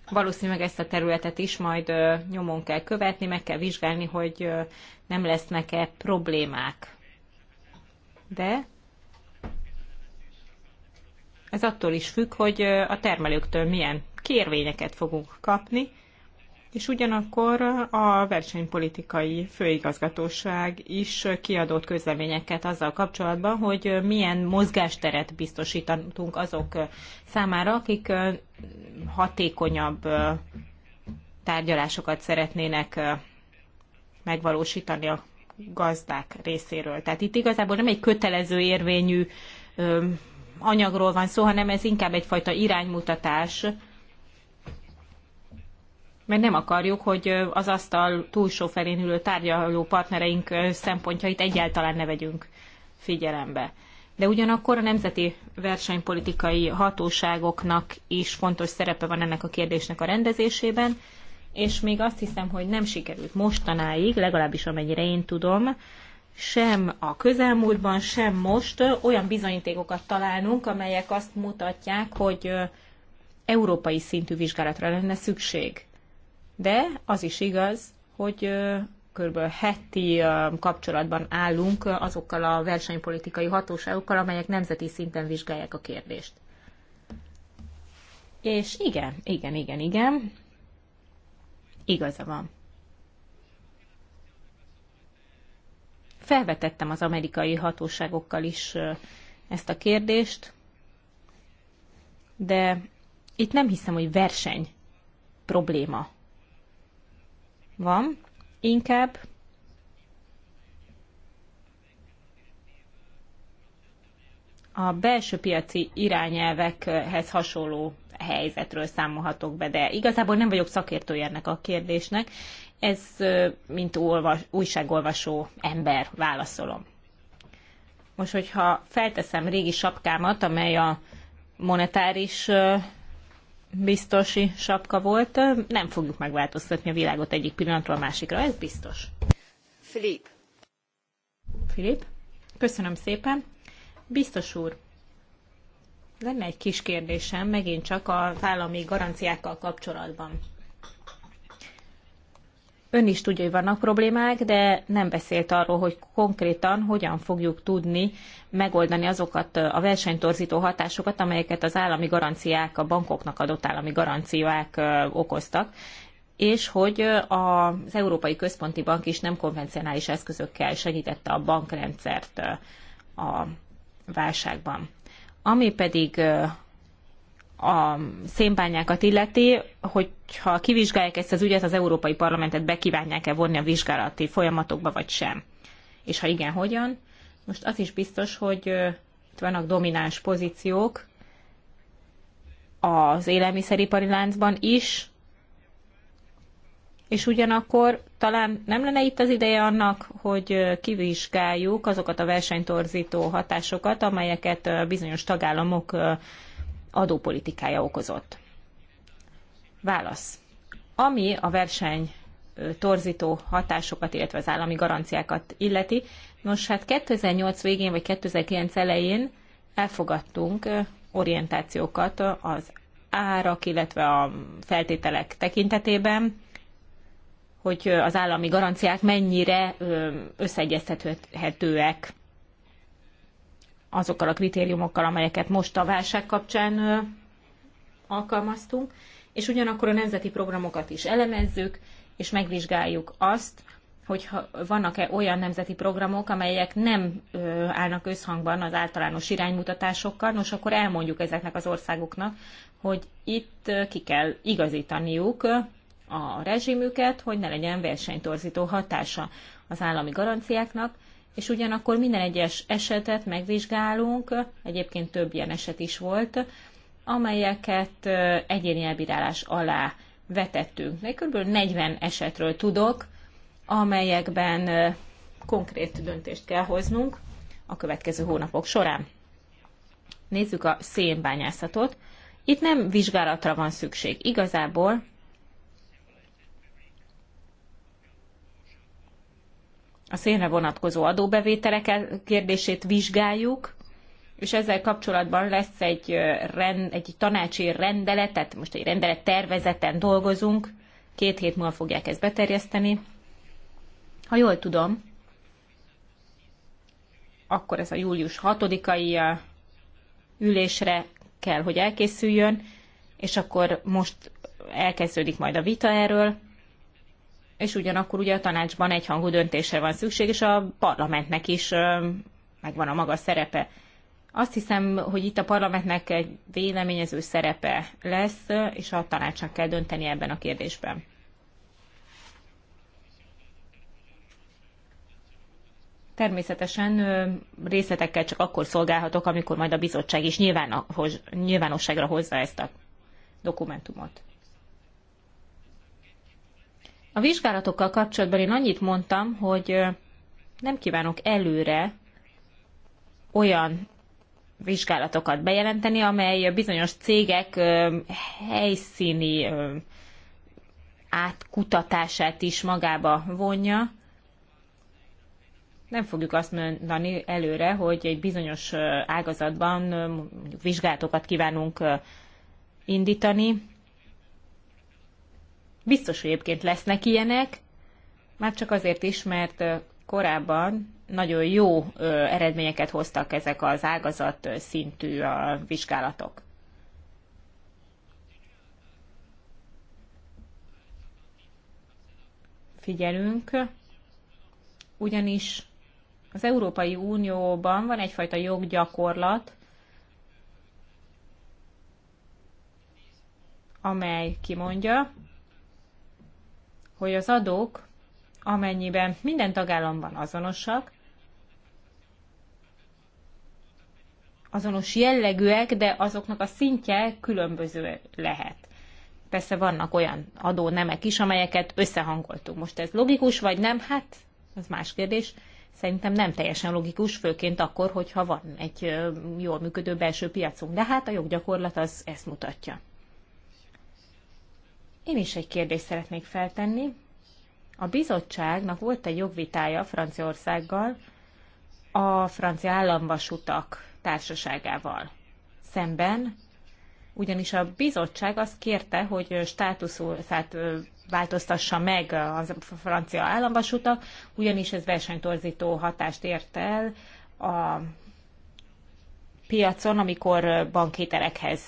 valószínűleg ezt a területet is majd nyomon kell követni, meg kell vizsgálni, hogy nem lesznek-e problémák. De ez attól is függ, hogy a termelőktől milyen kérvényeket fogunk kapni, és ugyanakkor a versenypolitikai főigazgatóság is kiadott közleményeket azzal kapcsolatban, hogy milyen mozgásteret biztosítunk azok számára, akik hatékonyabb tárgyalásokat szeretnének megvalósítani a gazdák részéről. Tehát itt igazából nem egy kötelező érvényű anyagról van szó, hanem ez inkább egyfajta iránymutatás, mert nem akarjuk, hogy az asztal túlsó felén ülő tárgyaló partnereink szempontjait egyáltalán ne vegyünk figyelembe. De ugyanakkor a nemzeti versenypolitikai hatóságoknak is fontos szerepe van ennek a kérdésnek a rendezésében, és még azt hiszem, hogy nem sikerült mostanáig, legalábbis amennyire én tudom, sem a közelmúltban, sem most olyan bizonyítékokat találnunk, amelyek azt mutatják, hogy európai szintű vizsgálatra lenne szükség de az is igaz, hogy kb. heti kapcsolatban állunk azokkal a versenypolitikai hatóságokkal, amelyek nemzeti szinten vizsgálják a kérdést. És igen, igen, igen, igen, igaza van. Felvetettem az amerikai hatóságokkal is ezt a kérdést, de itt nem hiszem, hogy verseny probléma van, inkább a belső piaci irányelvekhez hasonló helyzetről számolhatok be, de igazából nem vagyok szakértője ennek a kérdésnek. Ez, mint olvas, újságolvasó ember válaszolom. Most, hogyha felteszem régi sapkámat, amely a monetáris biztosi sapka volt. Nem fogjuk megváltoztatni a világot egyik pillanatról a másikra, ez biztos. Filip. Filip, köszönöm szépen. Biztos úr, lenne egy kis kérdésem, megint csak a állami garanciákkal kapcsolatban. Ön is tudja, hogy vannak problémák, de nem beszélt arról, hogy konkrétan hogyan fogjuk tudni megoldani azokat a versenytorzító hatásokat, amelyeket az állami garanciák, a bankoknak adott állami garanciák okoztak, és hogy az Európai Központi Bank is nem konvencionális eszközökkel segítette a bankrendszert a válságban. Ami pedig a szénbányákat illeti, hogyha kivizsgálják ezt az ügyet, az Európai Parlamentet bekívánják-e vonni a vizsgálati folyamatokba, vagy sem. És ha igen, hogyan? Most az is biztos, hogy itt vannak domináns pozíciók az élelmiszeripari láncban is, és ugyanakkor talán nem lenne itt az ideje annak, hogy kivizsgáljuk azokat a versenytorzító hatásokat, amelyeket bizonyos tagállamok adópolitikája okozott? Válasz. Ami a verseny torzító hatásokat, illetve az állami garanciákat illeti. Nos, hát 2008 végén vagy 2009 elején elfogadtunk orientációkat az árak, illetve a feltételek tekintetében, hogy az állami garanciák mennyire összeegyeztethetőek azokkal a kritériumokkal, amelyeket most a válság kapcsán alkalmaztunk, és ugyanakkor a nemzeti programokat is elemezzük, és megvizsgáljuk azt, hogy vannak-e olyan nemzeti programok, amelyek nem állnak összhangban az általános iránymutatásokkal, nos akkor elmondjuk ezeknek az országoknak, hogy itt ki kell igazítaniuk a rezsimüket, hogy ne legyen versenytorzító hatása az állami garanciáknak, és ugyanakkor minden egyes esetet megvizsgálunk, egyébként több ilyen eset is volt, amelyeket egyéni elbírálás alá vetettünk. De kb. 40 esetről tudok, amelyekben konkrét döntést kell hoznunk a következő hónapok során. Nézzük a szénbányászatot. Itt nem vizsgálatra van szükség. Igazából a szénre vonatkozó adóbevételek kérdését vizsgáljuk, és ezzel kapcsolatban lesz egy, rend, egy tanácsi rendelet, tehát most egy rendelet tervezeten dolgozunk, két hét múlva fogják ezt beterjeszteni. Ha jól tudom, akkor ez a július 6-ai ülésre kell, hogy elkészüljön, és akkor most elkezdődik majd a vita erről, és ugyanakkor ugye a tanácsban egyhangú döntésre van szükség, és a parlamentnek is megvan a maga szerepe. Azt hiszem, hogy itt a parlamentnek egy véleményező szerepe lesz, és a tanácsnak kell dönteni ebben a kérdésben. Természetesen részletekkel csak akkor szolgálhatok, amikor majd a bizottság is nyilvánosságra hozza ezt a dokumentumot. A vizsgálatokkal kapcsolatban én annyit mondtam, hogy nem kívánok előre olyan vizsgálatokat bejelenteni, amely bizonyos cégek helyszíni átkutatását is magába vonja. Nem fogjuk azt mondani előre, hogy egy bizonyos ágazatban vizsgálatokat kívánunk indítani, Biztos, hogy egyébként lesznek ilyenek, már csak azért is, mert korábban nagyon jó eredményeket hoztak ezek az ágazat szintű a vizsgálatok. Figyelünk, ugyanis az Európai Unióban van egyfajta joggyakorlat, amely kimondja, hogy az adók, amennyiben minden tagállamban azonosak, azonos jellegűek, de azoknak a szintje különböző lehet. Persze vannak olyan adónemek is, amelyeket összehangoltunk. Most ez logikus vagy nem? Hát, az más kérdés. Szerintem nem teljesen logikus, főként akkor, hogyha van egy jól működő belső piacunk. De hát a joggyakorlat az ezt mutatja. Én is egy kérdést szeretnék feltenni. A bizottságnak volt egy jogvitája Franciaországgal, a francia államvasutak társaságával szemben, ugyanis a bizottság azt kérte, hogy státuszát változtassa meg a francia államvasutak, ugyanis ez versenytorzító hatást ért el a piacon, amikor bankéterekhez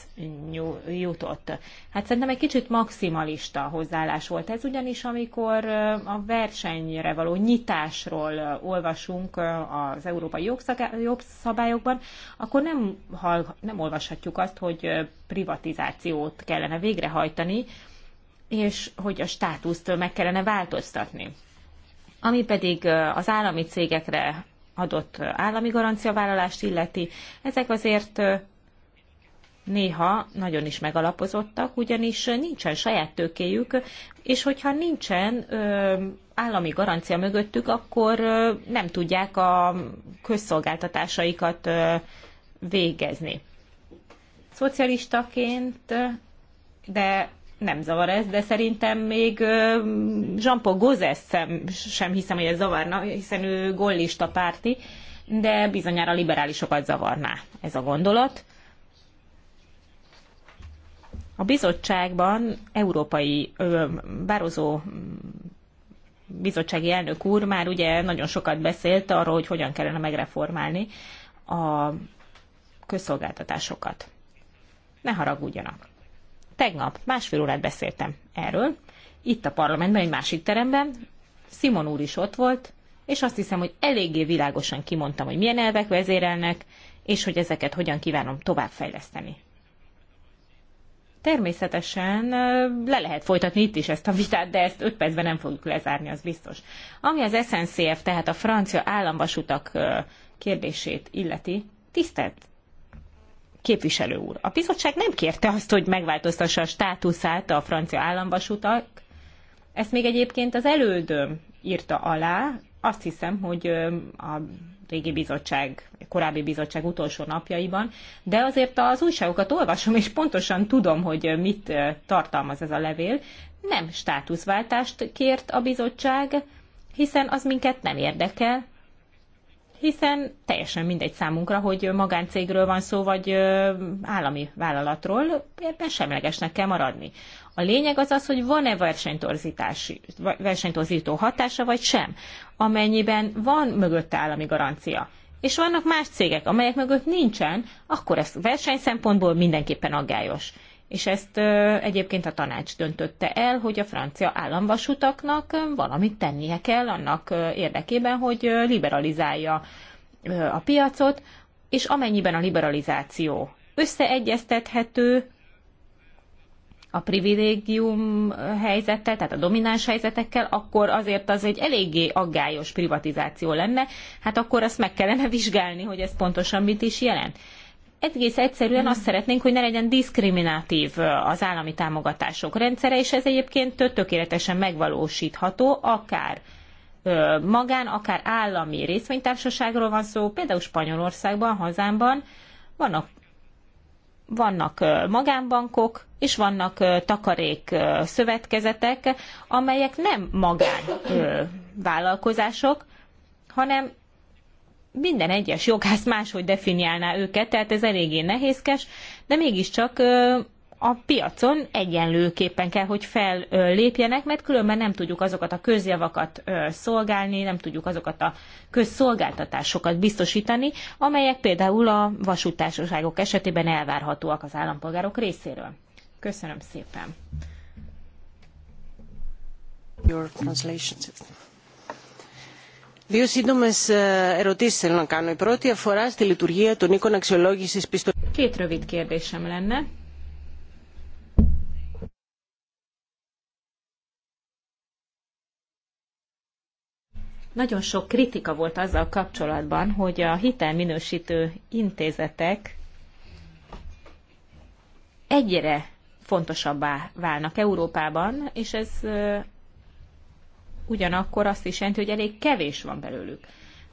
jutott. Hát szerintem egy kicsit maximalista hozzáállás volt ez, ugyanis amikor a versenyre való nyitásról olvasunk az európai jogszabályokban, akkor nem, nem olvashatjuk azt, hogy privatizációt kellene végrehajtani, és hogy a státuszt meg kellene változtatni. Ami pedig az állami cégekre adott állami garanciavállalást illeti, ezek azért néha nagyon is megalapozottak, ugyanis nincsen saját tőkéjük, és hogyha nincsen állami garancia mögöttük, akkor nem tudják a közszolgáltatásaikat végezni. Szocialistaként, de nem zavar ez, de szerintem még Jean-Paul Gauzes sem, sem hiszem, hogy ez zavarna, hiszen ő gollista párti, de bizonyára liberálisokat zavarná ez a gondolat. A bizottságban európai ö, bározó bizottsági elnök úr már ugye nagyon sokat beszélt arról, hogy hogyan kellene megreformálni a közszolgáltatásokat. Ne haragudjanak. Tegnap másfél órát beszéltem erről, itt a parlamentben, egy másik teremben, Simon úr is ott volt, és azt hiszem, hogy eléggé világosan kimondtam, hogy milyen elvek vezérelnek, és hogy ezeket hogyan kívánom továbbfejleszteni. Természetesen le lehet folytatni itt is ezt a vitát, de ezt 5 percben nem fogjuk lezárni, az biztos. Ami az SNCF, tehát a francia államvasutak kérdését illeti, tisztelt Képviselő úr, a bizottság nem kérte azt, hogy megváltoztassa a státuszát a francia államvasutak. Ezt még egyébként az elődöm írta alá. Azt hiszem, hogy a régi bizottság, korábbi bizottság utolsó napjaiban, de azért az újságokat olvasom, és pontosan tudom, hogy mit tartalmaz ez a levél. Nem státuszváltást kért a bizottság, hiszen az minket nem érdekel, hiszen teljesen mindegy számunkra, hogy magáncégről van szó, vagy állami vállalatról, ebben semlegesnek kell maradni. A lényeg az az, hogy van-e versenytorzító hatása, vagy sem, amennyiben van mögötte állami garancia. És vannak más cégek, amelyek mögött nincsen, akkor ez verseny szempontból mindenképpen aggályos és ezt egyébként a tanács döntötte el, hogy a francia államvasutaknak valamit tennie kell annak érdekében, hogy liberalizálja a piacot, és amennyiben a liberalizáció összeegyeztethető a privilégium helyzettel, tehát a domináns helyzetekkel, akkor azért az egy eléggé aggályos privatizáció lenne, hát akkor azt meg kellene vizsgálni, hogy ez pontosan mit is jelent egész egyszerűen azt szeretnénk, hogy ne legyen diszkriminatív az állami támogatások rendszere, és ez egyébként tökéletesen megvalósítható, akár magán, akár állami részvénytársaságról van szó, például Spanyolországban, hazámban vannak, vannak magánbankok, és vannak takarék szövetkezetek, amelyek nem magán vállalkozások, hanem minden egyes jogász máshogy definiálná őket, tehát ez eléggé nehézkes, de mégiscsak a piacon egyenlőképpen kell, hogy fellépjenek, mert különben nem tudjuk azokat a közjavakat szolgálni, nem tudjuk azokat a közszolgáltatásokat biztosítani, amelyek például a vasútársaságok esetében elvárhatóak az állampolgárok részéről. Köszönöm szépen. Your translation system. Δύο σύντομες ερωτήσεις θέλω να κάνω. Η πρώτη αφορά στη λειτουργία των οίκων lenne. Nagyon sok kritika volt azzal kapcsolatban, hogy a hitelminősítő intézetek egyre fontosabbá válnak Európában, és ez ugyanakkor azt is jelenti, hogy elég kevés van belőlük.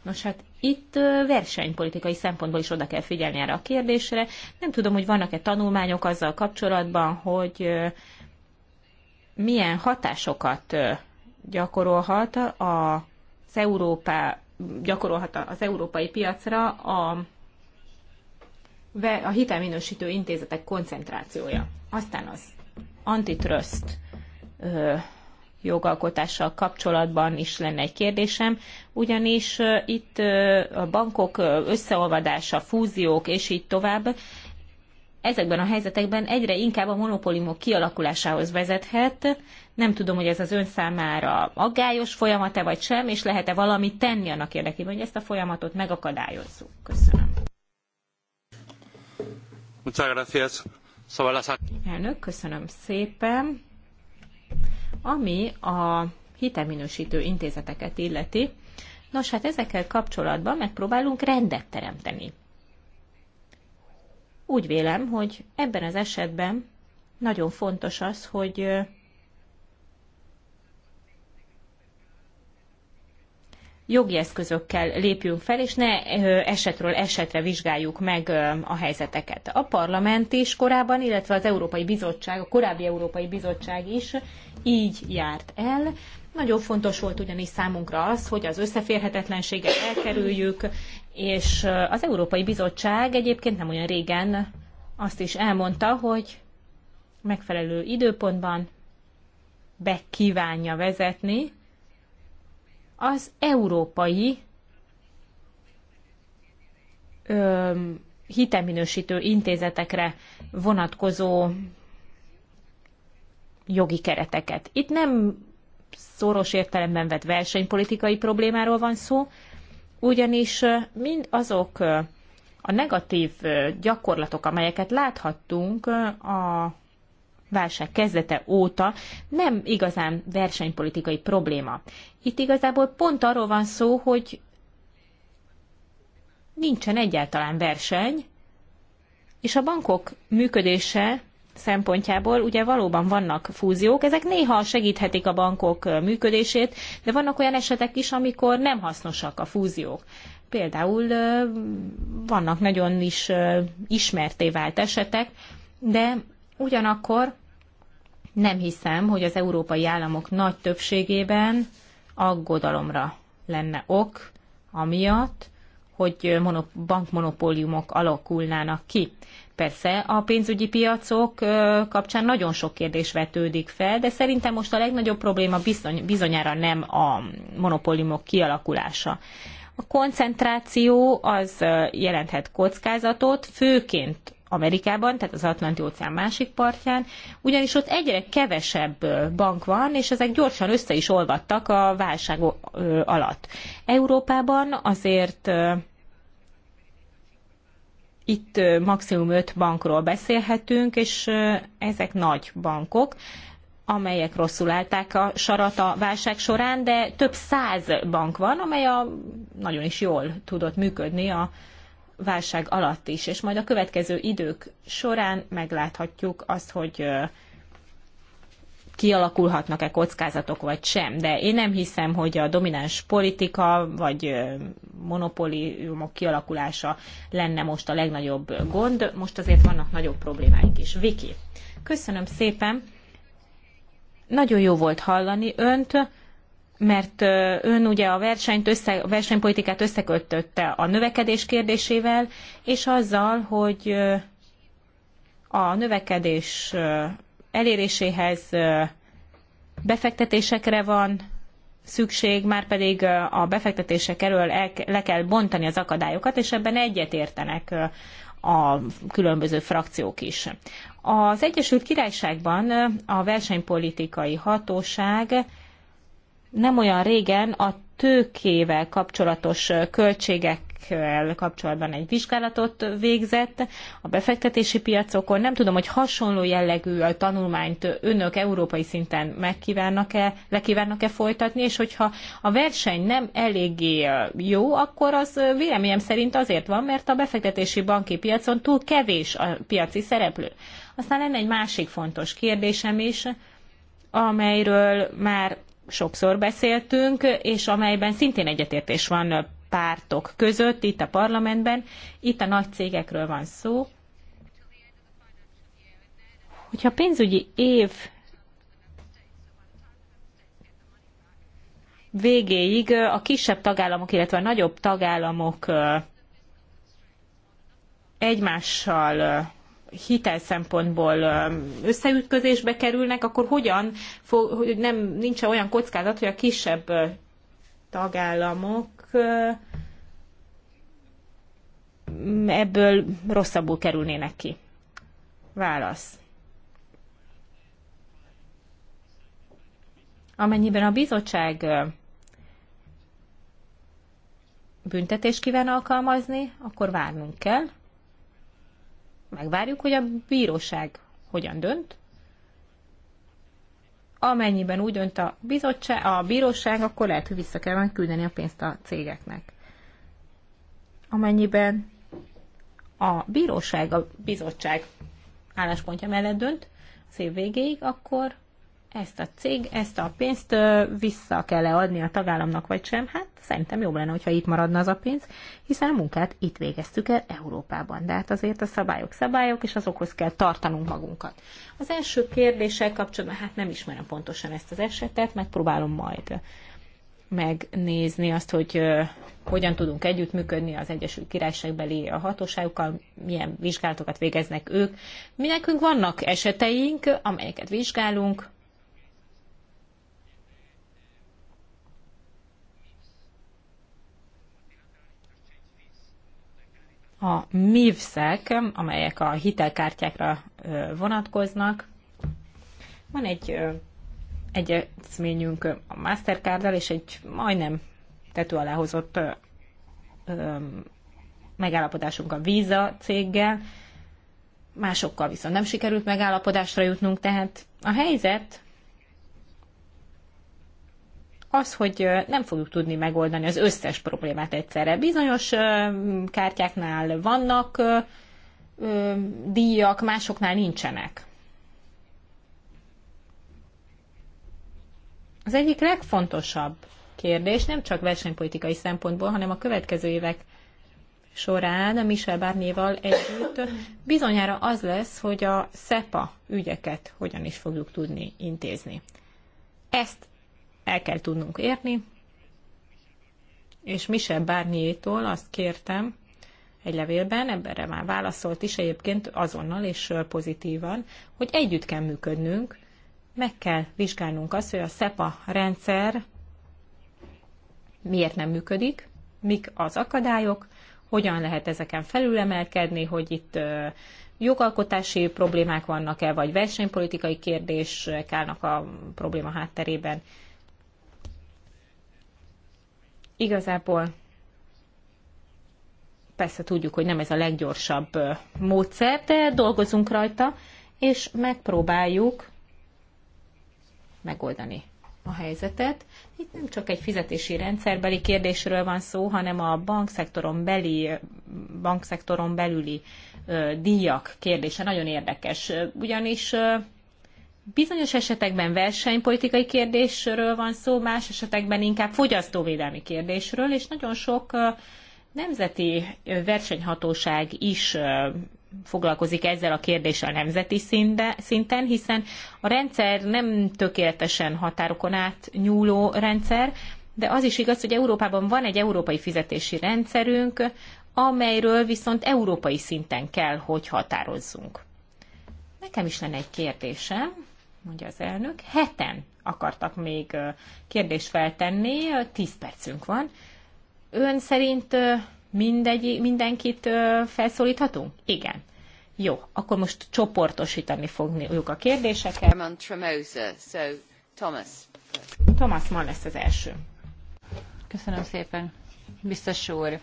Nos hát itt versenypolitikai szempontból is oda kell figyelni erre a kérdésre. Nem tudom, hogy vannak-e tanulmányok azzal kapcsolatban, hogy milyen hatásokat gyakorolhat az, Európá, gyakorolhat az európai piacra a, a hitelminősítő intézetek koncentrációja. Aztán az antitrust jogalkotással kapcsolatban is lenne egy kérdésem, ugyanis itt a bankok összeolvadása, fúziók és így tovább, ezekben a helyzetekben egyre inkább a monopóliumok kialakulásához vezethet. Nem tudom, hogy ez az ön számára aggályos e vagy sem, és lehet-e valamit tenni annak érdekében, hogy ezt a folyamatot megakadályozzuk. Köszönöm. Muchas gracias. Elnök, köszönöm szépen. Ami a hiteminősítő intézeteket illeti, nos hát ezekkel kapcsolatban megpróbálunk rendet teremteni. Úgy vélem, hogy ebben az esetben nagyon fontos az, hogy jogi eszközökkel lépjünk fel, és ne esetről esetre vizsgáljuk meg a helyzeteket. A parlament is korábban, illetve az Európai Bizottság, a korábbi Európai Bizottság is így járt el. Nagyon fontos volt ugyanis számunkra az, hogy az összeférhetetlenséget elkerüljük, és az Európai Bizottság egyébként nem olyan régen azt is elmondta, hogy megfelelő időpontban be vezetni az európai ö, hitelminősítő intézetekre vonatkozó jogi kereteket. Itt nem szoros értelemben vett versenypolitikai problémáról van szó, ugyanis mind azok a negatív gyakorlatok, amelyeket láthattunk a válság kezdete óta nem igazán versenypolitikai probléma. Itt igazából pont arról van szó, hogy nincsen egyáltalán verseny, és a bankok működése szempontjából ugye valóban vannak fúziók, ezek néha segíthetik a bankok működését, de vannak olyan esetek is, amikor nem hasznosak a fúziók. Például vannak nagyon is ismerté vált esetek, de Ugyanakkor nem hiszem, hogy az európai államok nagy többségében aggodalomra lenne ok, amiatt, hogy bankmonopóliumok alakulnának ki. Persze a pénzügyi piacok kapcsán nagyon sok kérdés vetődik fel, de szerintem most a legnagyobb probléma bizony, bizonyára nem a monopóliumok kialakulása. A koncentráció az jelenthet kockázatot, főként Amerikában, tehát az Atlanti óceán másik partján, ugyanis ott egyre kevesebb bank van, és ezek gyorsan össze is olvadtak a válság alatt. Európában azért itt maximum öt bankról beszélhetünk, és ezek nagy bankok, amelyek rosszul állták a sarat a válság során, de több száz bank van, amely a, nagyon is jól tudott működni a válság alatt is, és majd a következő idők során megláthatjuk azt, hogy kialakulhatnak-e kockázatok vagy sem, de én nem hiszem, hogy a domináns politika vagy monopóliumok kialakulása lenne most a legnagyobb gond, most azért vannak nagyobb problémáink is. Viki, köszönöm szépen, nagyon jó volt hallani önt, mert ön ugye a, versenyt össze, a versenypolitikát összekötötte a növekedés kérdésével, és azzal, hogy a növekedés eléréséhez befektetésekre van szükség, már pedig a befektetések elől el, le kell bontani az akadályokat, és ebben egyetértenek a különböző frakciók is. Az Egyesült Királyságban a versenypolitikai hatóság nem olyan régen a tőkével kapcsolatos költségek kapcsolatban egy vizsgálatot végzett a befektetési piacokon. Nem tudom, hogy hasonló jellegű a tanulmányt önök európai szinten megkívánnak-e, lekívánnak-e folytatni, és hogyha a verseny nem eléggé jó, akkor az véleményem szerint azért van, mert a befektetési banki piacon túl kevés a piaci szereplő. Aztán lenne egy másik fontos kérdésem is, amelyről már sokszor beszéltünk, és amelyben szintén egyetértés van pártok között, itt a parlamentben, itt a nagy cégekről van szó. Hogyha pénzügyi év végéig a kisebb tagállamok, illetve a nagyobb tagállamok egymással hitel szempontból összeütközésbe kerülnek, akkor hogyan fog, hogy nem, nincs -e olyan kockázat, hogy a kisebb tagállamok ebből rosszabbul kerülnének ki? Válasz. Amennyiben a bizottság büntetést kíván alkalmazni, akkor várnunk kell, megvárjuk, hogy a bíróság hogyan dönt. Amennyiben úgy dönt a, bizottság, a bíróság, akkor lehet, hogy vissza kell majd küldeni a pénzt a cégeknek. Amennyiben a bíróság, a bizottság álláspontja mellett dönt szép végéig, akkor ezt a cég, ezt a pénzt vissza kell-e adni a tagállamnak, vagy sem? Hát szerintem jobb lenne, hogyha itt maradna az a pénz, hiszen a munkát itt végeztük el Európában. De hát azért a szabályok szabályok, és azokhoz kell tartanunk magunkat. Az első kérdéssel kapcsolatban, hát nem ismerem pontosan ezt az esetet, megpróbálom majd megnézni azt, hogy hogyan tudunk együttműködni az Egyesült Királyságbeli a hatóságokkal, milyen vizsgálatokat végeznek ők. Mi nekünk vannak eseteink, amelyeket vizsgálunk, a MIVSZek, amelyek a hitelkártyákra vonatkoznak, van egy egyezményünk a Mastercarddal, és egy majdnem tető alá hozott megállapodásunk a Visa céggel, másokkal viszont nem sikerült megállapodásra jutnunk, tehát a helyzet az, hogy nem fogjuk tudni megoldani az összes problémát egyszerre. Bizonyos kártyáknál vannak díjak, másoknál nincsenek. Az egyik legfontosabb kérdés nem csak versenypolitikai szempontból, hanem a következő évek során a Michel Barnéval együtt bizonyára az lesz, hogy a SEPA ügyeket hogyan is fogjuk tudni intézni. Ezt el kell tudnunk érni, és Michel Barnier-tól azt kértem egy levélben, ebben már válaszolt is egyébként azonnal és pozitívan, hogy együtt kell működnünk, meg kell vizsgálnunk azt, hogy a SEPA rendszer miért nem működik, mik az akadályok, hogyan lehet ezeken felülemelkedni, hogy itt jogalkotási problémák vannak-e, vagy versenypolitikai kérdések állnak a probléma hátterében. Igazából persze tudjuk, hogy nem ez a leggyorsabb módszer, de dolgozunk rajta, és megpróbáljuk megoldani a helyzetet. Itt nem csak egy fizetési rendszerbeli kérdésről van szó, hanem a bankszektoron, beli, bankszektoron belüli ö, díjak kérdése nagyon érdekes. Ugyanis ö, Bizonyos esetekben versenypolitikai kérdésről van szó, más esetekben inkább fogyasztóvédelmi kérdésről, és nagyon sok nemzeti versenyhatóság is foglalkozik ezzel a kérdéssel nemzeti szinten, hiszen a rendszer nem tökéletesen határokon át nyúló rendszer, de az is igaz, hogy Európában van egy európai fizetési rendszerünk, amelyről viszont európai szinten kell, hogy határozzunk. Nekem is lenne egy kérdésem mondja az elnök. Heten akartak még kérdést feltenni, tíz percünk van. Ön szerint mindegy, mindenkit felszólíthatunk? Igen. Jó, akkor most csoportosítani fogjuk a kérdéseket. Thomas. Thomas ma lesz az első. Köszönöm szépen, biztos úr.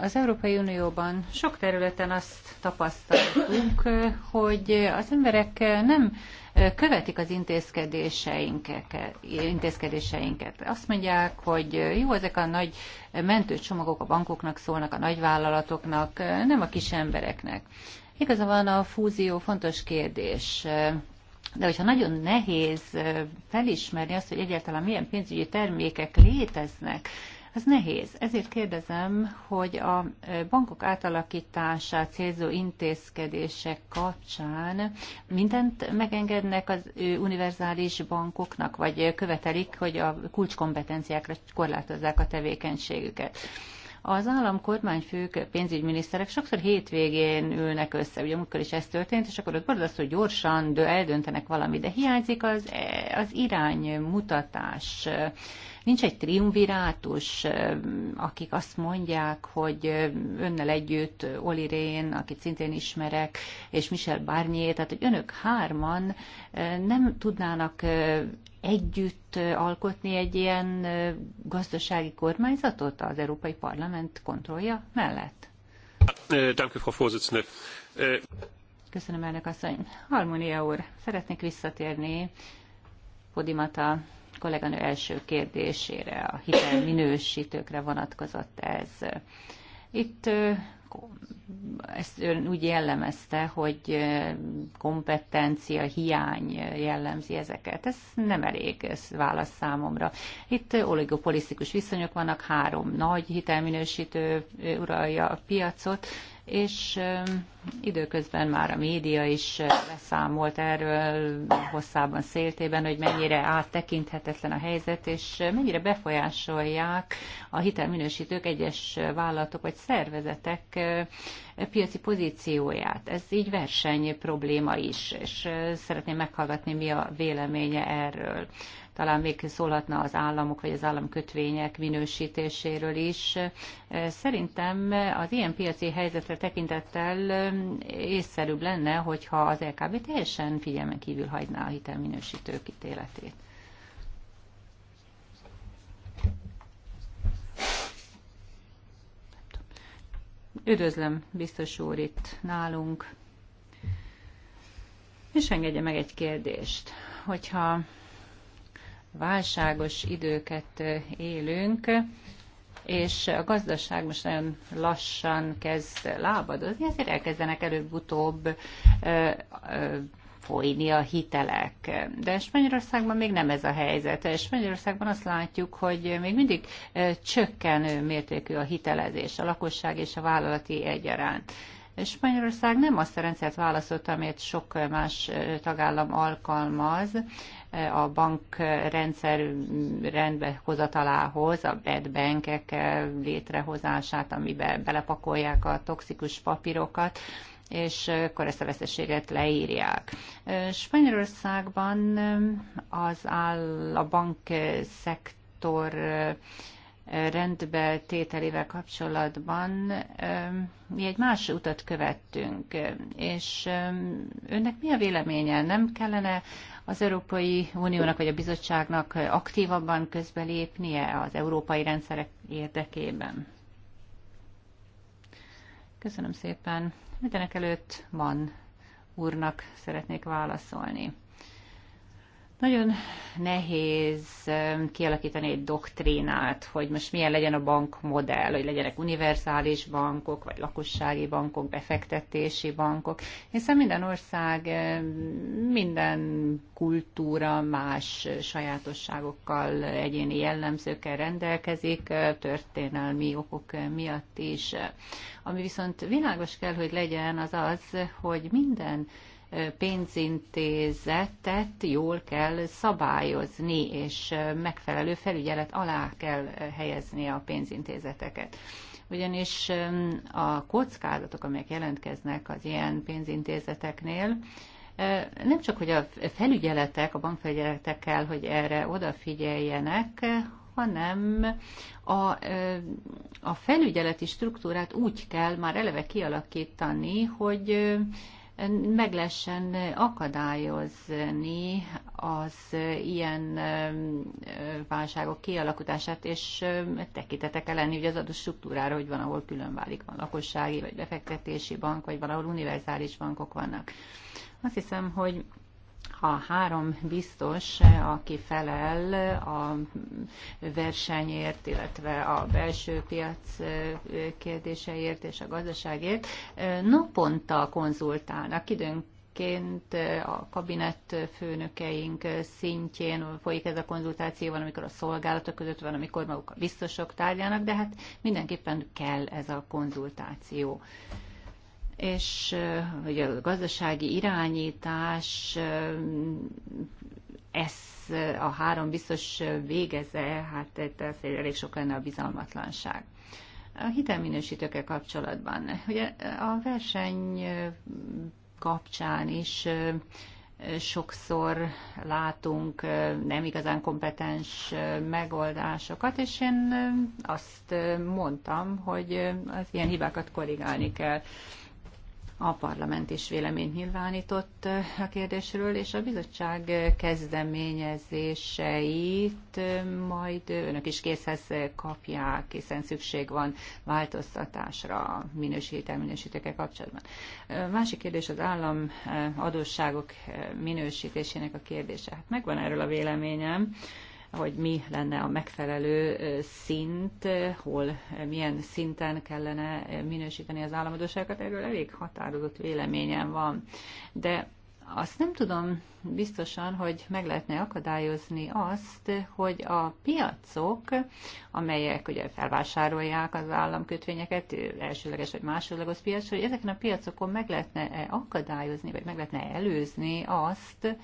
Az Európai Unióban sok területen azt tapasztaltunk, hogy az emberek nem követik az intézkedéseinket. Azt mondják, hogy jó, ezek a nagy mentőcsomagok a bankoknak szólnak, a nagyvállalatoknak, nem a kis embereknek. Igaza van a fúzió fontos kérdés. De hogyha nagyon nehéz felismerni azt, hogy egyáltalán milyen pénzügyi termékek léteznek, ez nehéz. Ezért kérdezem, hogy a bankok átalakítását célzó intézkedések kapcsán mindent megengednek az univerzális bankoknak, vagy követelik, hogy a kulcskompetenciákra korlátozzák a tevékenységüket. Az állam kormányfők, pénzügyminiszterek sokszor hétvégén ülnek össze, ugye amikor is ez történt, és akkor ott marad az, hogy gyorsan eldöntenek valami, de hiányzik az, e, az iránymutatás Nincs egy triumvirátus, akik azt mondják, hogy önnel együtt Oli Rén, akit szintén ismerek, és Michel Barnier, tehát hogy önök hárman nem tudnának együtt alkotni egy ilyen gazdasági kormányzatot az Európai Parlament kontrollja mellett? Köszönöm, elnök asszony. Harmónia úr, szeretnék visszatérni Podimata kolléganő első kérdésére, a hitelminősítőkre vonatkozott ez. Itt ezt ön úgy jellemezte, hogy kompetencia, hiány jellemzi ezeket. Ez nem elég ez válasz számomra. Itt oligopolisztikus viszonyok vannak, három nagy hitelminősítő uralja a piacot, és időközben már a média is leszámolt erről hosszában széltében, hogy mennyire áttekinthetetlen a helyzet, és mennyire befolyásolják a hitelminősítők egyes vállalatok vagy szervezetek e, piaci pozícióját. Ez így verseny probléma is, és szeretném meghallgatni, mi a véleménye erről talán még szólhatna az államok vagy az államkötvények minősítéséről is. Szerintem az ilyen piaci helyzetre tekintettel észszerűbb lenne, hogyha az LKB teljesen figyelmen kívül hagyná a hitelminősítők ítéletét. Üdvözlöm, biztos úr itt nálunk. És engedje meg egy kérdést, hogyha válságos időket élünk, és a gazdaság most nagyon lassan kezd lábadozni, ezért elkezdenek előbb-utóbb folyni a hitelek. De Spanyolországban még nem ez a helyzet. Spanyolországban azt látjuk, hogy még mindig csökkenő mértékű a hitelezés, a lakosság és a vállalati egyaránt. Spanyolország nem azt a rendszert választotta, amit sok más tagállam alkalmaz, a bankrendszer rendbehozatalához, a bad bankek létrehozását, amiben belepakolják a toxikus papírokat, és akkor ezt a veszességet leírják. Spanyolországban az áll a bankszektor rendbe tételével kapcsolatban mi egy más utat követtünk, és önnek mi a véleménye? Nem kellene az Európai Uniónak vagy a bizottságnak aktívabban közbelépnie az európai rendszerek érdekében? Köszönöm szépen. Mindenek előtt van úrnak szeretnék válaszolni. Nagyon nehéz um, kialakítani egy doktrínát, hogy most milyen legyen a bankmodell, hogy legyenek univerzális bankok, vagy lakossági bankok, befektetési bankok, hiszen minden ország, um, minden kultúra más sajátosságokkal, egyéni jellemzőkkel rendelkezik, uh, történelmi okok miatt is. Uh, ami viszont világos kell, hogy legyen, az az, hogy minden pénzintézetet jól kell szabályozni, és megfelelő felügyelet alá kell helyezni a pénzintézeteket ugyanis a kockázatok, amelyek jelentkeznek az ilyen pénzintézeteknél, nem csak, hogy a felügyeletek, a bankfelügyeletek kell, hogy erre odafigyeljenek, hanem a, a felügyeleti struktúrát úgy kell már eleve kialakítani, hogy meg lehessen akadályozni az ilyen válságok kialakulását, és tekintetek lenni ugye az adott struktúrára, hogy van, ahol külön válik, van lakossági, vagy befektetési bank, vagy van, ahol univerzális bankok vannak. Azt hiszem, hogy ha három biztos, aki felel a versenyért, illetve a belső piac kérdéseért és a gazdaságért, naponta konzultálnak időnk a kabinet főnökeink szintjén folyik ez a konzultáció, van, amikor a szolgálatok között van, amikor maguk a biztosok tárgyalnak, de hát mindenképpen kell ez a konzultáció és hogy a gazdasági irányítás ez a három biztos végeze, hát ez elég sok lenne a bizalmatlanság. A hitelminősítőkkel kapcsolatban. Ugye a verseny kapcsán is sokszor látunk nem igazán kompetens megoldásokat, és én azt mondtam, hogy az ilyen hibákat korrigálni kell. A parlament is véleményt nyilvánított eh, a kérdésről, és a bizottság kezdeményezéseit eh, majd önök is készhez kapják, hiszen szükség van változtatásra minősítelminősítőkkel kapcsolatban. Eh, másik kérdés az állam adósságok minősítésének a kérdése. Hát megvan erről a véleményem, hogy mi lenne a megfelelő szint, hol, milyen szinten kellene minősíteni az államadóságokat, erről elég határozott véleményem van. De azt nem tudom biztosan, hogy meg lehetne akadályozni azt, hogy a piacok, amelyek ugye felvásárolják az államkötvényeket, elsőleges vagy másodlagos piac, hogy ezeken a piacokon meg lehetne akadályozni, vagy meg lehetne előzni azt,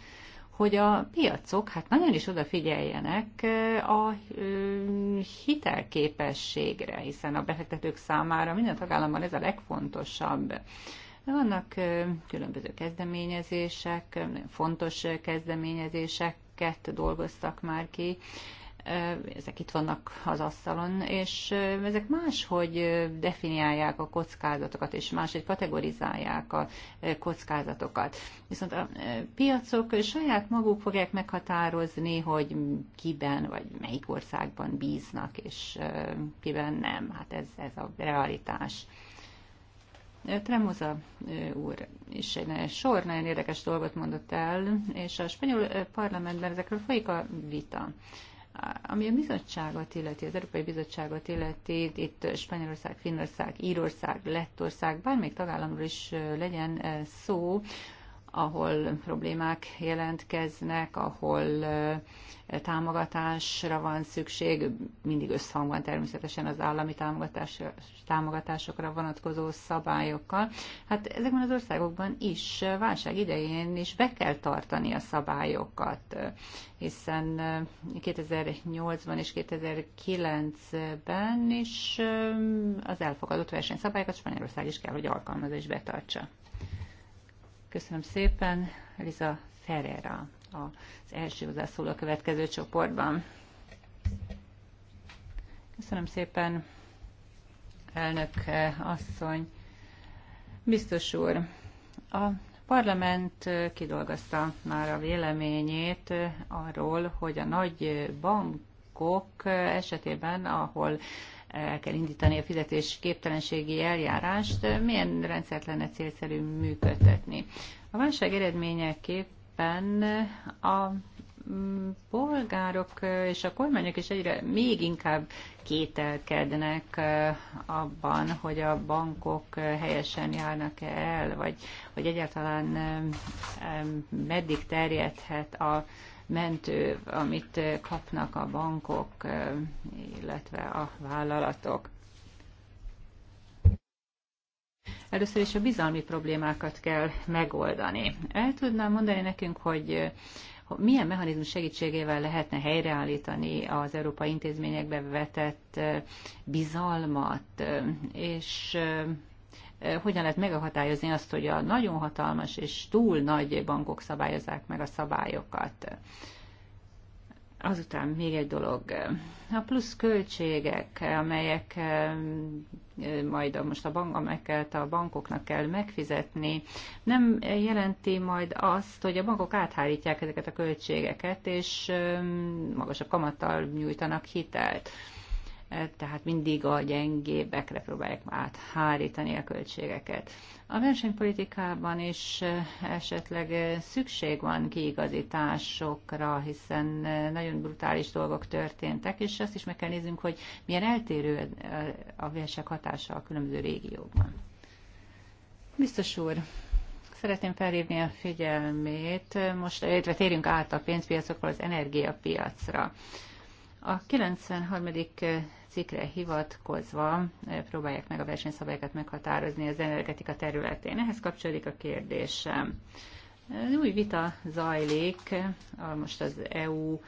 hogy a piacok hát nagyon is odafigyeljenek a hitelképességre, hiszen a befektetők számára minden tagállamban ez a legfontosabb. Vannak különböző kezdeményezések, fontos kezdeményezéseket dolgoztak már ki, ezek itt vannak az asztalon, és ezek máshogy definiálják a kockázatokat, és máshogy kategorizálják a kockázatokat. Viszont a piacok saját maguk fogják meghatározni, hogy kiben vagy melyik országban bíznak, és kiben nem. Hát ez, ez a realitás. Tremuza úr is egy sor nagyon érdekes dolgot mondott el, és a spanyol parlamentben ezekről folyik a vita. Ami a bizottságot illeti, az Európai Bizottságot illeti, itt Spanyolország, Finnország, Írország, Lettország, bármelyik tagállamról is legyen szó, ahol problémák jelentkeznek, ahol támogatásra van szükség, mindig összhangban természetesen az állami támogatás, támogatásokra vonatkozó szabályokkal. Hát ezekben az országokban is válság idején is be kell tartani a szabályokat, hiszen 2008-ban és 2009-ben is az elfogadott versenyszabályokat Spanyolország is kell, hogy alkalmazza és betartsa. Köszönöm szépen, Liza Ferreira az első hozzászóló a következő csoportban. Köszönöm szépen, elnök asszony. Biztos úr, a parlament kidolgozta már a véleményét arról, hogy a nagy bankok esetében, ahol el kell indítani a fizetés képtelenségi eljárást, milyen rendszert lenne célszerű működtetni. A válság eredményeképp tulajdonképpen a mm, polgárok és a kormányok is egyre még inkább kételkednek abban, hogy a bankok helyesen járnak -e el, vagy hogy egyáltalán meddig terjedhet a mentő, amit kapnak a bankok, illetve a vállalatok. Először is a bizalmi problémákat kell megoldani. El tudnám mondani nekünk, hogy milyen mechanizmus segítségével lehetne helyreállítani az európai intézményekbe vetett bizalmat, és hogyan lehet megakadályozni azt, hogy a nagyon hatalmas és túl nagy bankok szabályozzák meg a szabályokat. Azután még egy dolog, a plusz költségek, amelyek majd most a, bank, amelyeket a bankoknak kell megfizetni, nem jelenti majd azt, hogy a bankok áthárítják ezeket a költségeket, és magasabb kamattal nyújtanak hitelt. Tehát mindig a gyengébbekre próbálják áthárítani a költségeket. A versenypolitikában is eh, esetleg eh, szükség van kiigazításokra, hiszen eh, nagyon brutális dolgok történtek, és azt is meg kell néznünk, hogy milyen eltérő a verseny hatása a különböző régiókban. Biztos úr, szeretném felhívni a figyelmét, most illetve térjünk át a pénzpiacokról az energiapiacra. A 93 cikkre hivatkozva próbálják meg a versenyszabályokat meghatározni az energetika területén. Ehhez kapcsolódik a kérdésem. Új vita zajlik most az EU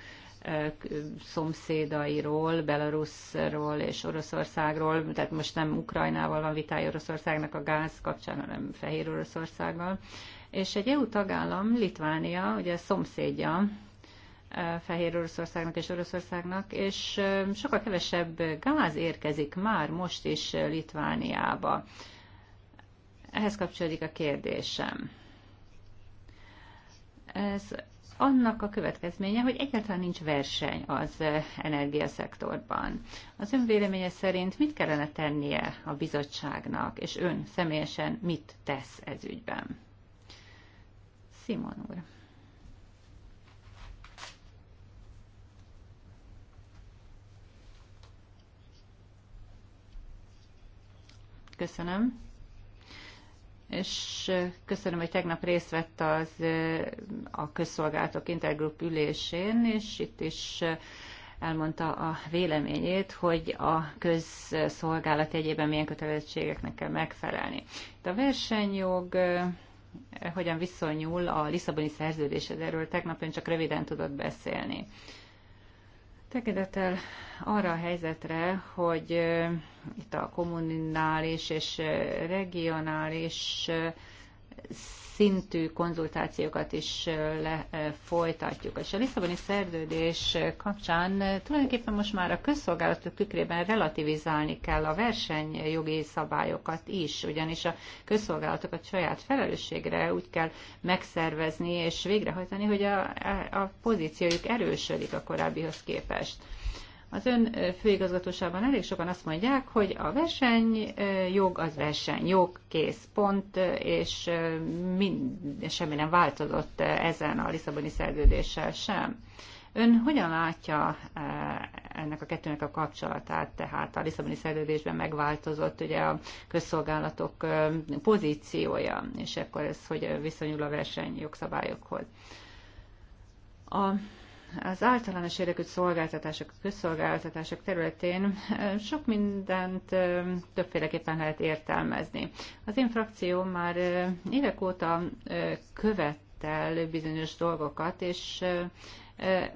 szomszédairól, Belarusról és Oroszországról, tehát most nem Ukrajnával van vitája Oroszországnak a gáz kapcsán, hanem Fehér Oroszországgal. És egy EU tagállam, Litvánia, ugye szomszédja Fehér Oroszországnak és Oroszországnak, és sokkal kevesebb gáz érkezik már most is Litvániába. Ehhez kapcsolódik a kérdésem. Ez annak a következménye, hogy egyáltalán nincs verseny az energiaszektorban. Az ön véleménye szerint mit kellene tennie a bizottságnak, és ön személyesen mit tesz ez ügyben? Simon úr. Köszönöm. És köszönöm, hogy tegnap részt vett az a közszolgálatok intergrup ülésén, és itt is elmondta a véleményét, hogy a közszolgálat egyében milyen kötelezettségeknek kell megfelelni. De a versenyjog hogyan viszonyul a Lisszaboni szerződéshez, erről tegnap ön csak röviden tudott beszélni. Tekedettel arra a helyzetre, hogy itt a kommunális és regionális szintű konzultációkat is le, folytatjuk. És a Lisszaboni szerződés kapcsán tulajdonképpen most már a közszolgálatok tükrében relativizálni kell a versenyjogi szabályokat is, ugyanis a közszolgálatokat saját felelősségre úgy kell megszervezni és végrehajtani, hogy a, a pozíciójuk erősödik a korábbihoz képest. Az ön főigazgatóságban elég sokan azt mondják, hogy a verseny jog az verseny jog kész, pont, és mind, semmi nem változott ezen a Lisszaboni szerződéssel sem. Ön hogyan látja ennek a kettőnek a kapcsolatát, tehát a Lisszaboni szerződésben megváltozott ugye a közszolgálatok pozíciója, és akkor ez hogy viszonyul a verseny jogszabályokhoz. A az általános érdekű szolgáltatások, közszolgáltatások területén sok mindent többféleképpen lehet értelmezni. Az én frakcióm már évek óta követel bizonyos dolgokat, és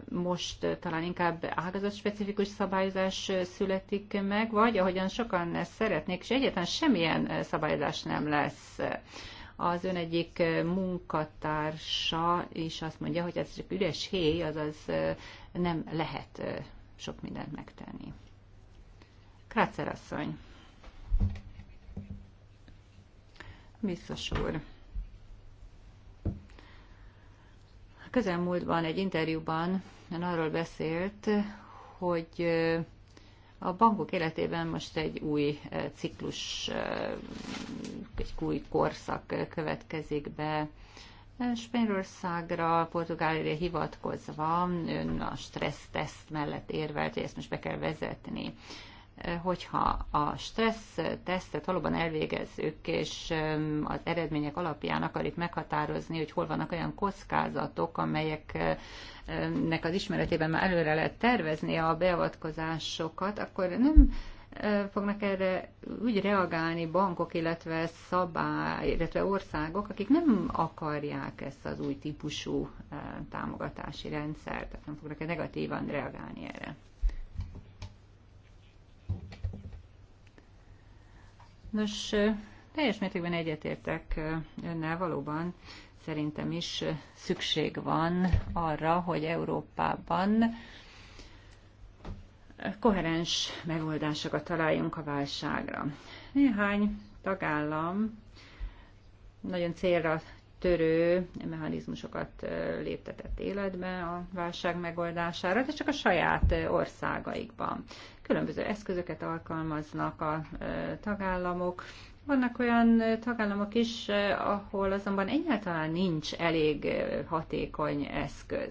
most talán inkább ágazatspecifikus szabályozás születik meg, vagy ahogyan sokan ezt szeretnék, és egyetlen semmilyen szabályozás nem lesz az ön egyik munkatársa is azt mondja, hogy ez csak üres héj, azaz nem lehet sok mindent megtenni. Krácer asszony. Biztos úr. Közelmúltban egy interjúban ön arról beszélt, hogy a bankok életében most egy új eh, ciklus, eh, egy új korszak eh, következik be. Spanyolországra, Portugáliára hivatkozva ön a stresszteszt mellett érvelt, hogy ezt most be kell vezetni hogyha a stressz tesztet valóban elvégezzük, és az eredmények alapján akarjuk meghatározni, hogy hol vannak olyan kockázatok, amelyeknek az ismeretében már előre lehet tervezni a beavatkozásokat, akkor nem fognak erre úgy reagálni bankok, illetve szabály, illetve országok, akik nem akarják ezt az új típusú támogatási rendszert, tehát nem fognak -e negatívan reagálni erre. Nos, teljes mértékben egyetértek önnel valóban. Szerintem is szükség van arra, hogy Európában koherens megoldásokat találjunk a válságra. Néhány tagállam nagyon célra törő mechanizmusokat léptetett életbe a válság megoldására, de csak a saját országaikban. Különböző eszközöket alkalmaznak a tagállamok, vannak olyan tagállamok is, ahol azonban egyáltalán nincs elég hatékony eszköz.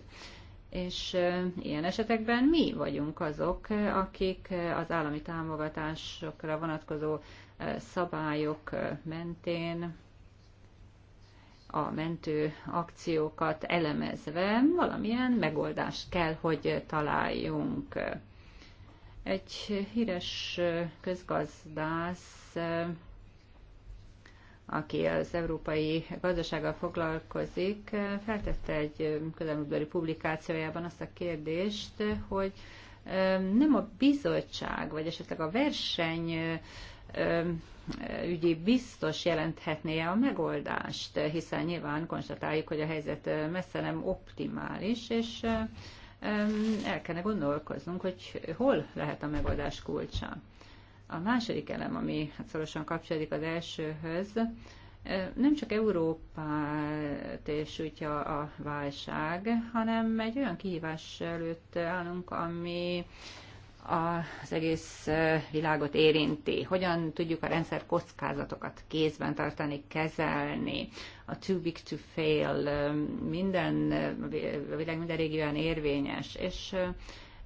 És ilyen esetekben mi vagyunk azok, akik az állami támogatásokra vonatkozó szabályok mentén a mentő akciókat elemezve valamilyen megoldást kell, hogy találjunk. Egy híres közgazdász, aki az európai gazdasággal foglalkozik, feltette egy közelmúltbeli publikációjában azt a kérdést, hogy nem a bizottság, vagy esetleg a verseny ügyi biztos jelenthetné a megoldást, hiszen nyilván konstatáljuk, hogy a helyzet messze nem optimális, és el kellene gondolkoznunk, hogy hol lehet a megoldás kulcsa. A második elem, ami hát szorosan kapcsolódik az elsőhöz, nem csak Európát és sújtja a válság, hanem egy olyan kihívás előtt állunk, ami az egész világot érinti. Hogyan tudjuk a rendszer kockázatokat kézben tartani, kezelni. A too big to fail minden, a világ minden régióan érvényes, és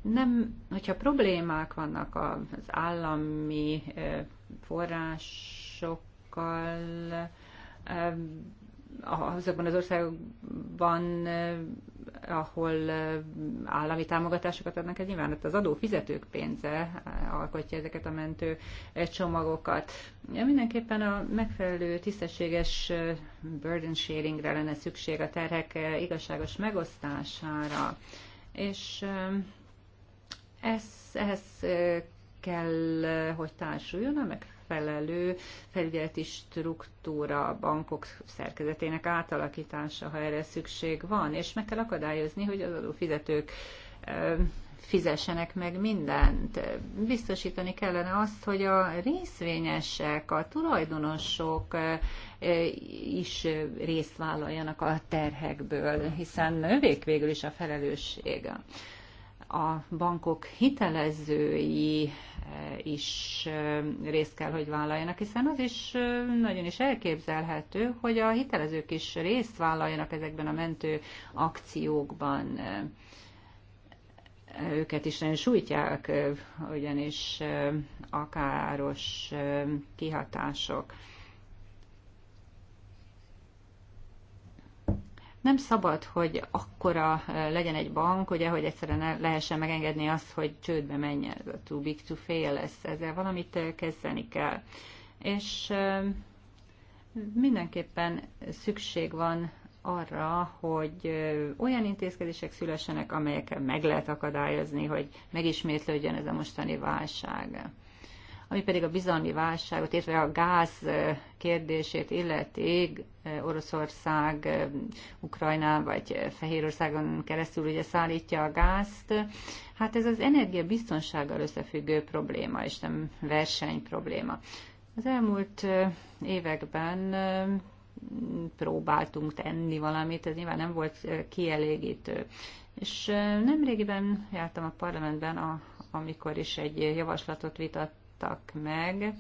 nem, hogyha problémák vannak az állami forrásokkal, azokban az országokban ahol eh, állami támogatásokat adnak, ez nyilván az adófizetők pénze eh, alkotja ezeket a mentő eh, csomagokat. Ja, mindenképpen a megfelelő tisztességes burden sharingre lenne szükség a terhek igazságos megosztására, és ez, ehhez kell, hogy társuljon a megfelelő megfelelő felügyeleti struktúra a bankok szerkezetének átalakítása, ha erre szükség van, és meg kell akadályozni, hogy az adófizetők fizessenek meg mindent. Biztosítani kellene azt, hogy a részvényesek, a tulajdonosok is részt vállaljanak a terhekből, hiszen ők végül is a felelőssége a bankok hitelezői eh, is eh, részt kell, hogy vállaljanak, hiszen az is eh, nagyon is elképzelhető, hogy a hitelezők is részt vállaljanak ezekben a mentő akciókban. Őket is nagyon sújtják, ugyanis akáros kihatások. Nem szabad, hogy akkora legyen egy bank, ugye, hogy egyszerűen lehessen megengedni azt, hogy csődbe menjen, ez a too big to fail, lesz, ezzel valamit kezdeni kell. És mindenképpen szükség van arra, hogy olyan intézkedések szülessenek, amelyekkel meg lehet akadályozni, hogy megismétlődjön ez a mostani válság. Ami pedig a bizalmi válságot, illetve a gáz kérdését illeti, Oroszország, Ukrajna vagy Fehérországon keresztül ugye szállítja a gázt, hát ez az energia biztonsággal összefüggő probléma, és nem verseny probléma. Az elmúlt években próbáltunk tenni valamit, ez nyilván nem volt kielégítő. És nemrégiben jártam a parlamentben, a, amikor is egy javaslatot vitat, állapodtak meg,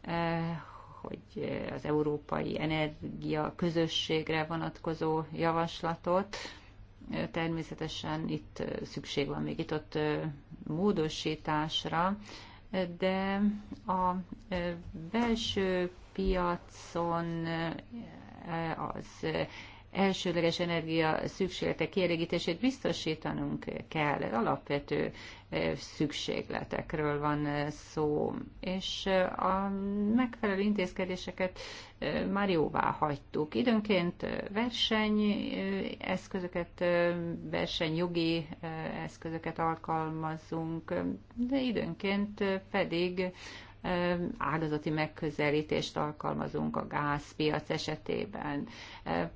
eh, hogy az Európai Energia Közösségre vonatkozó javaslatot. Eh, természetesen itt eh, szükség van még itt ott módosításra, de a belső piacon az elsődleges energia szükségletek kielégítését biztosítanunk kell. alapvető szükségletekről van szó, és a megfelelő intézkedéseket már jóvá hagytuk. Időnként verseny eszközöket, versenyjogi eszközöket alkalmazunk, de időnként pedig ágazati megközelítést alkalmazunk a gázpiac esetében.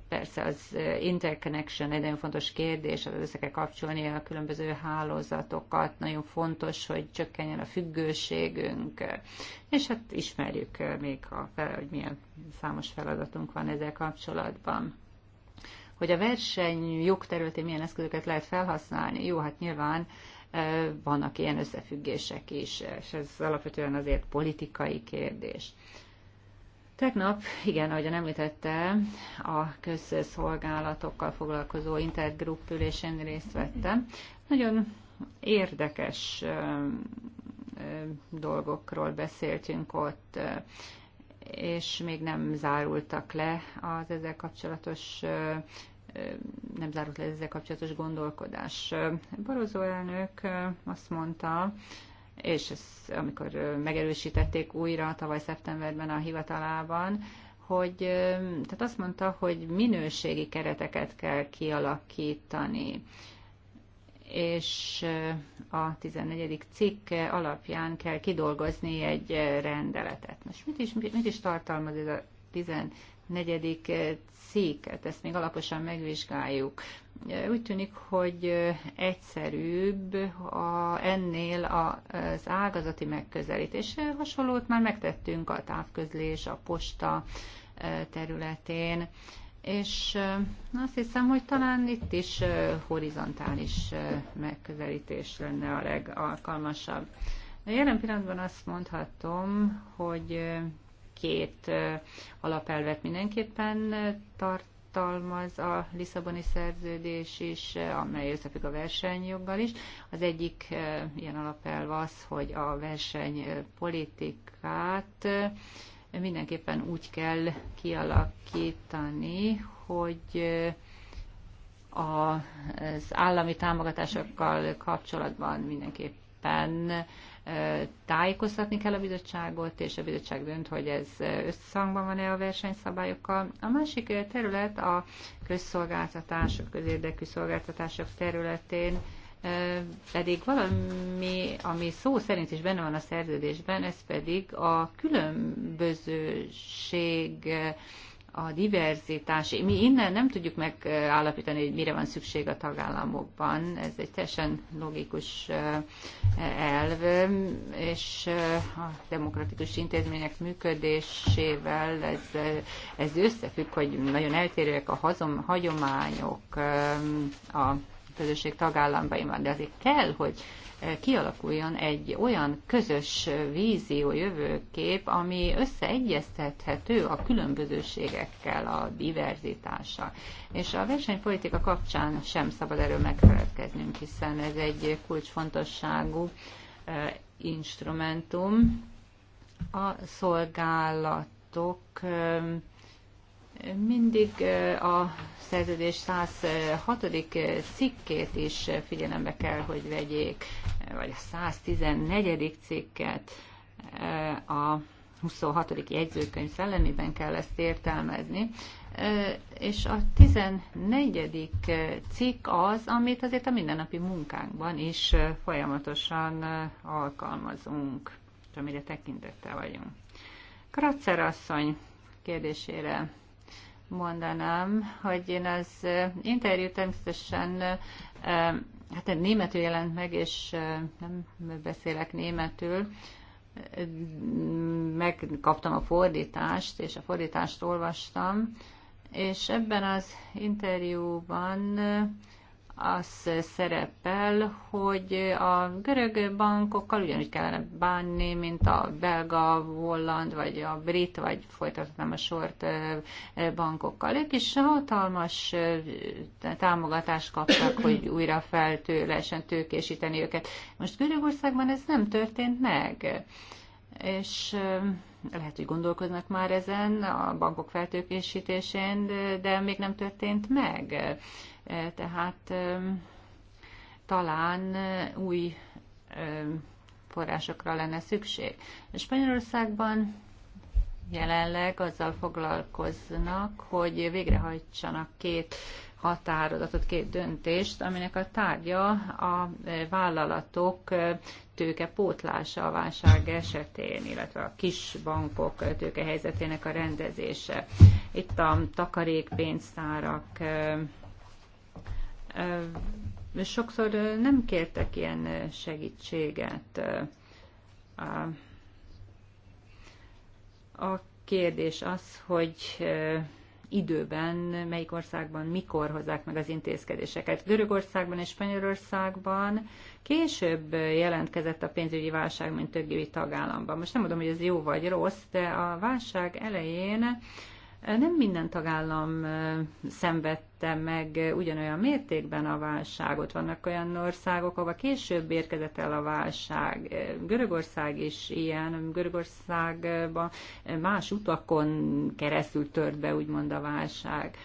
Persze az eh, interconnection egy nagyon fontos kérdés, az össze kell kapcsolni a különböző hálózatokat, nagyon fontos, hogy csökkenjen a függőségünk, és hát ismerjük eh, még, a, hogy milyen számos feladatunk van ezzel kapcsolatban hogy a verseny jogterületén milyen eszközöket lehet felhasználni. Jó, hát nyilván E, vannak ilyen összefüggések is, és ez alapvetően azért politikai kérdés. Tegnap, igen, ahogyan említette, a közszolgálatokkal foglalkozó intergrup ülésén részt vettem. Nagyon érdekes e, e, dolgokról beszéltünk ott, és még nem zárultak le az ezzel kapcsolatos nem zárult le ezzel kapcsolatos gondolkodás. Barozó elnök azt mondta, és ezt, amikor megerősítették újra tavaly szeptemberben a hivatalában, hogy tehát azt mondta, hogy minőségi kereteket kell kialakítani és a 14. cikk alapján kell kidolgozni egy rendeletet. Most mit is, mit is tartalmaz ez a 14 negyedik széket, eh, ezt még alaposan megvizsgáljuk. Eh, úgy tűnik, hogy eh, egyszerűbb a, ennél az ágazati megközelítés. Hasonlót már megtettünk a távközlés, a posta területén, és azt hiszem, hogy talán itt is horizontális megközelítés lenne a legalkalmasabb. Jelen pillanatban azt mondhatom, hogy két alapelvet mindenképpen tartalmaz a Lisszaboni szerződés is, amely összefügg a versenyjoggal is. Az egyik ilyen alapelv az, hogy a versenypolitikát mindenképpen úgy kell kialakítani, hogy az állami támogatásokkal kapcsolatban mindenképpen tájékoztatni kell a bizottságot, és a bizottság dönt, hogy ez összhangban van-e a versenyszabályokkal. A másik terület a közszolgáltatások, közérdekű szolgáltatások területén pedig valami, ami szó szerint is benne van a szerződésben, ez pedig a különbözőség a diverzitás. Mi innen nem tudjuk megállapítani, hogy mire van szükség a tagállamokban. Ez egy teljesen logikus elv, és a demokratikus intézmények működésével ez, ez összefügg, hogy nagyon eltérőek a hazom, hagyományok a közösség tagállamaiban, de azért kell, hogy kialakuljon egy olyan közös vízió, jövőkép, ami összeegyeztethető a különbözőségekkel, a diverzitással. És a versenypolitika kapcsán sem szabad erről megfeledkeznünk, hiszen ez egy kulcsfontosságú instrumentum. A szolgálatok mindig eh, a szerződés 106. Eh, cikkét is figyelembe kell, hogy vegyék, eh, vagy a 114. cikket a 26. jegyzőkönyv szellemében kell ezt értelmezni. És a 14. cikk az, amit azért a mindennapi munkánkban is folyamatosan alkalmazunk, amire tekintettel vagyunk. Kratzer asszony kérdésére mondanám, hogy én az interjú természetesen hát németül jelent meg, és nem beszélek németül, megkaptam a fordítást, és a fordítást olvastam, és ebben az interjúban az szerepel, hogy a görög bankokkal ugyanúgy kellene bánni, mint a belga, holland, vagy a brit, vagy folytatnám a sort bankokkal. Ők is hatalmas támogatást kaptak, hogy újra feltő, lehessen tőkésíteni őket. Most Görögországban ez nem történt meg és lehet, hogy gondolkoznak már ezen a bankok feltőkésítésén, de még nem történt meg. Tehát talán új forrásokra lenne szükség. Spanyolországban jelenleg azzal foglalkoznak, hogy végrehajtsanak két határozatot, két döntést, aminek a tárgya a e, vállalatok e, tőke pótlása a válság esetén, illetve a kis bankok tőke helyzetének a rendezése. Itt a takarékpénztárak e, sokszor nem kértek ilyen segítséget. A kérdés az, hogy időben, melyik országban, mikor hozzák meg az intézkedéseket. Görögországban és Spanyolországban később jelentkezett a pénzügyi válság, mint többi tagállamban. Most nem mondom, hogy ez jó vagy rossz, de a válság elején nem minden tagállam szenvedte meg ugyanolyan mértékben a válságot. Vannak olyan országok, ahol később érkezett el a válság. Görögország is ilyen. Görögországban más utakon keresztül tört be, úgymond a válság.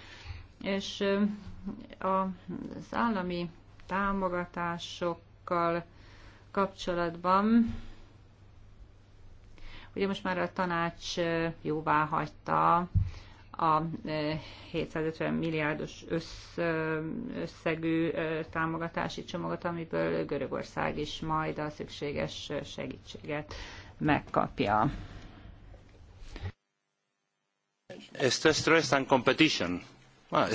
És az állami támogatásokkal kapcsolatban Ugye most már a tanács jóvá hagyta a 750 e, milliárdos össz, e, összegű e, támogatási csomagot, amiből Görögország is majd a szükséges segítséget megkapja. stress and competition. Ah,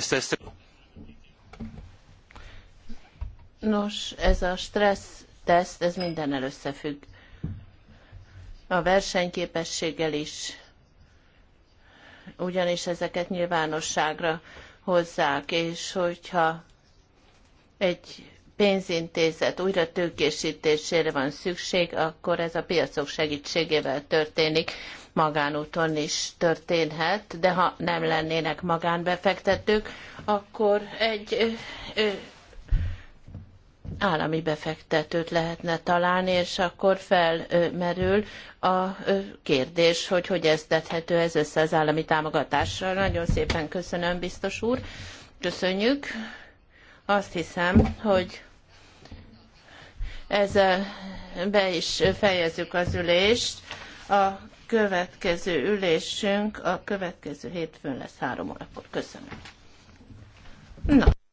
Nos, ez a stressz teszt, ez minden összefügg. A versenyképességgel is, ugyanis ezeket nyilvánosságra hozzák, és hogyha egy pénzintézet újra tőkésítésére van szükség, akkor ez a piacok segítségével történik, magánúton is történhet, de ha nem lennének magánbefektetők, akkor egy állami befektetőt lehetne találni, és akkor felmerül a kérdés, hogy hogy ez tethető ez össze az állami támogatással. Nagyon szépen köszönöm, biztos úr. Köszönjük. Azt hiszem, hogy ezzel be is fejezzük az ülést. A következő ülésünk a következő hétfőn lesz három órakor. Köszönöm. Na.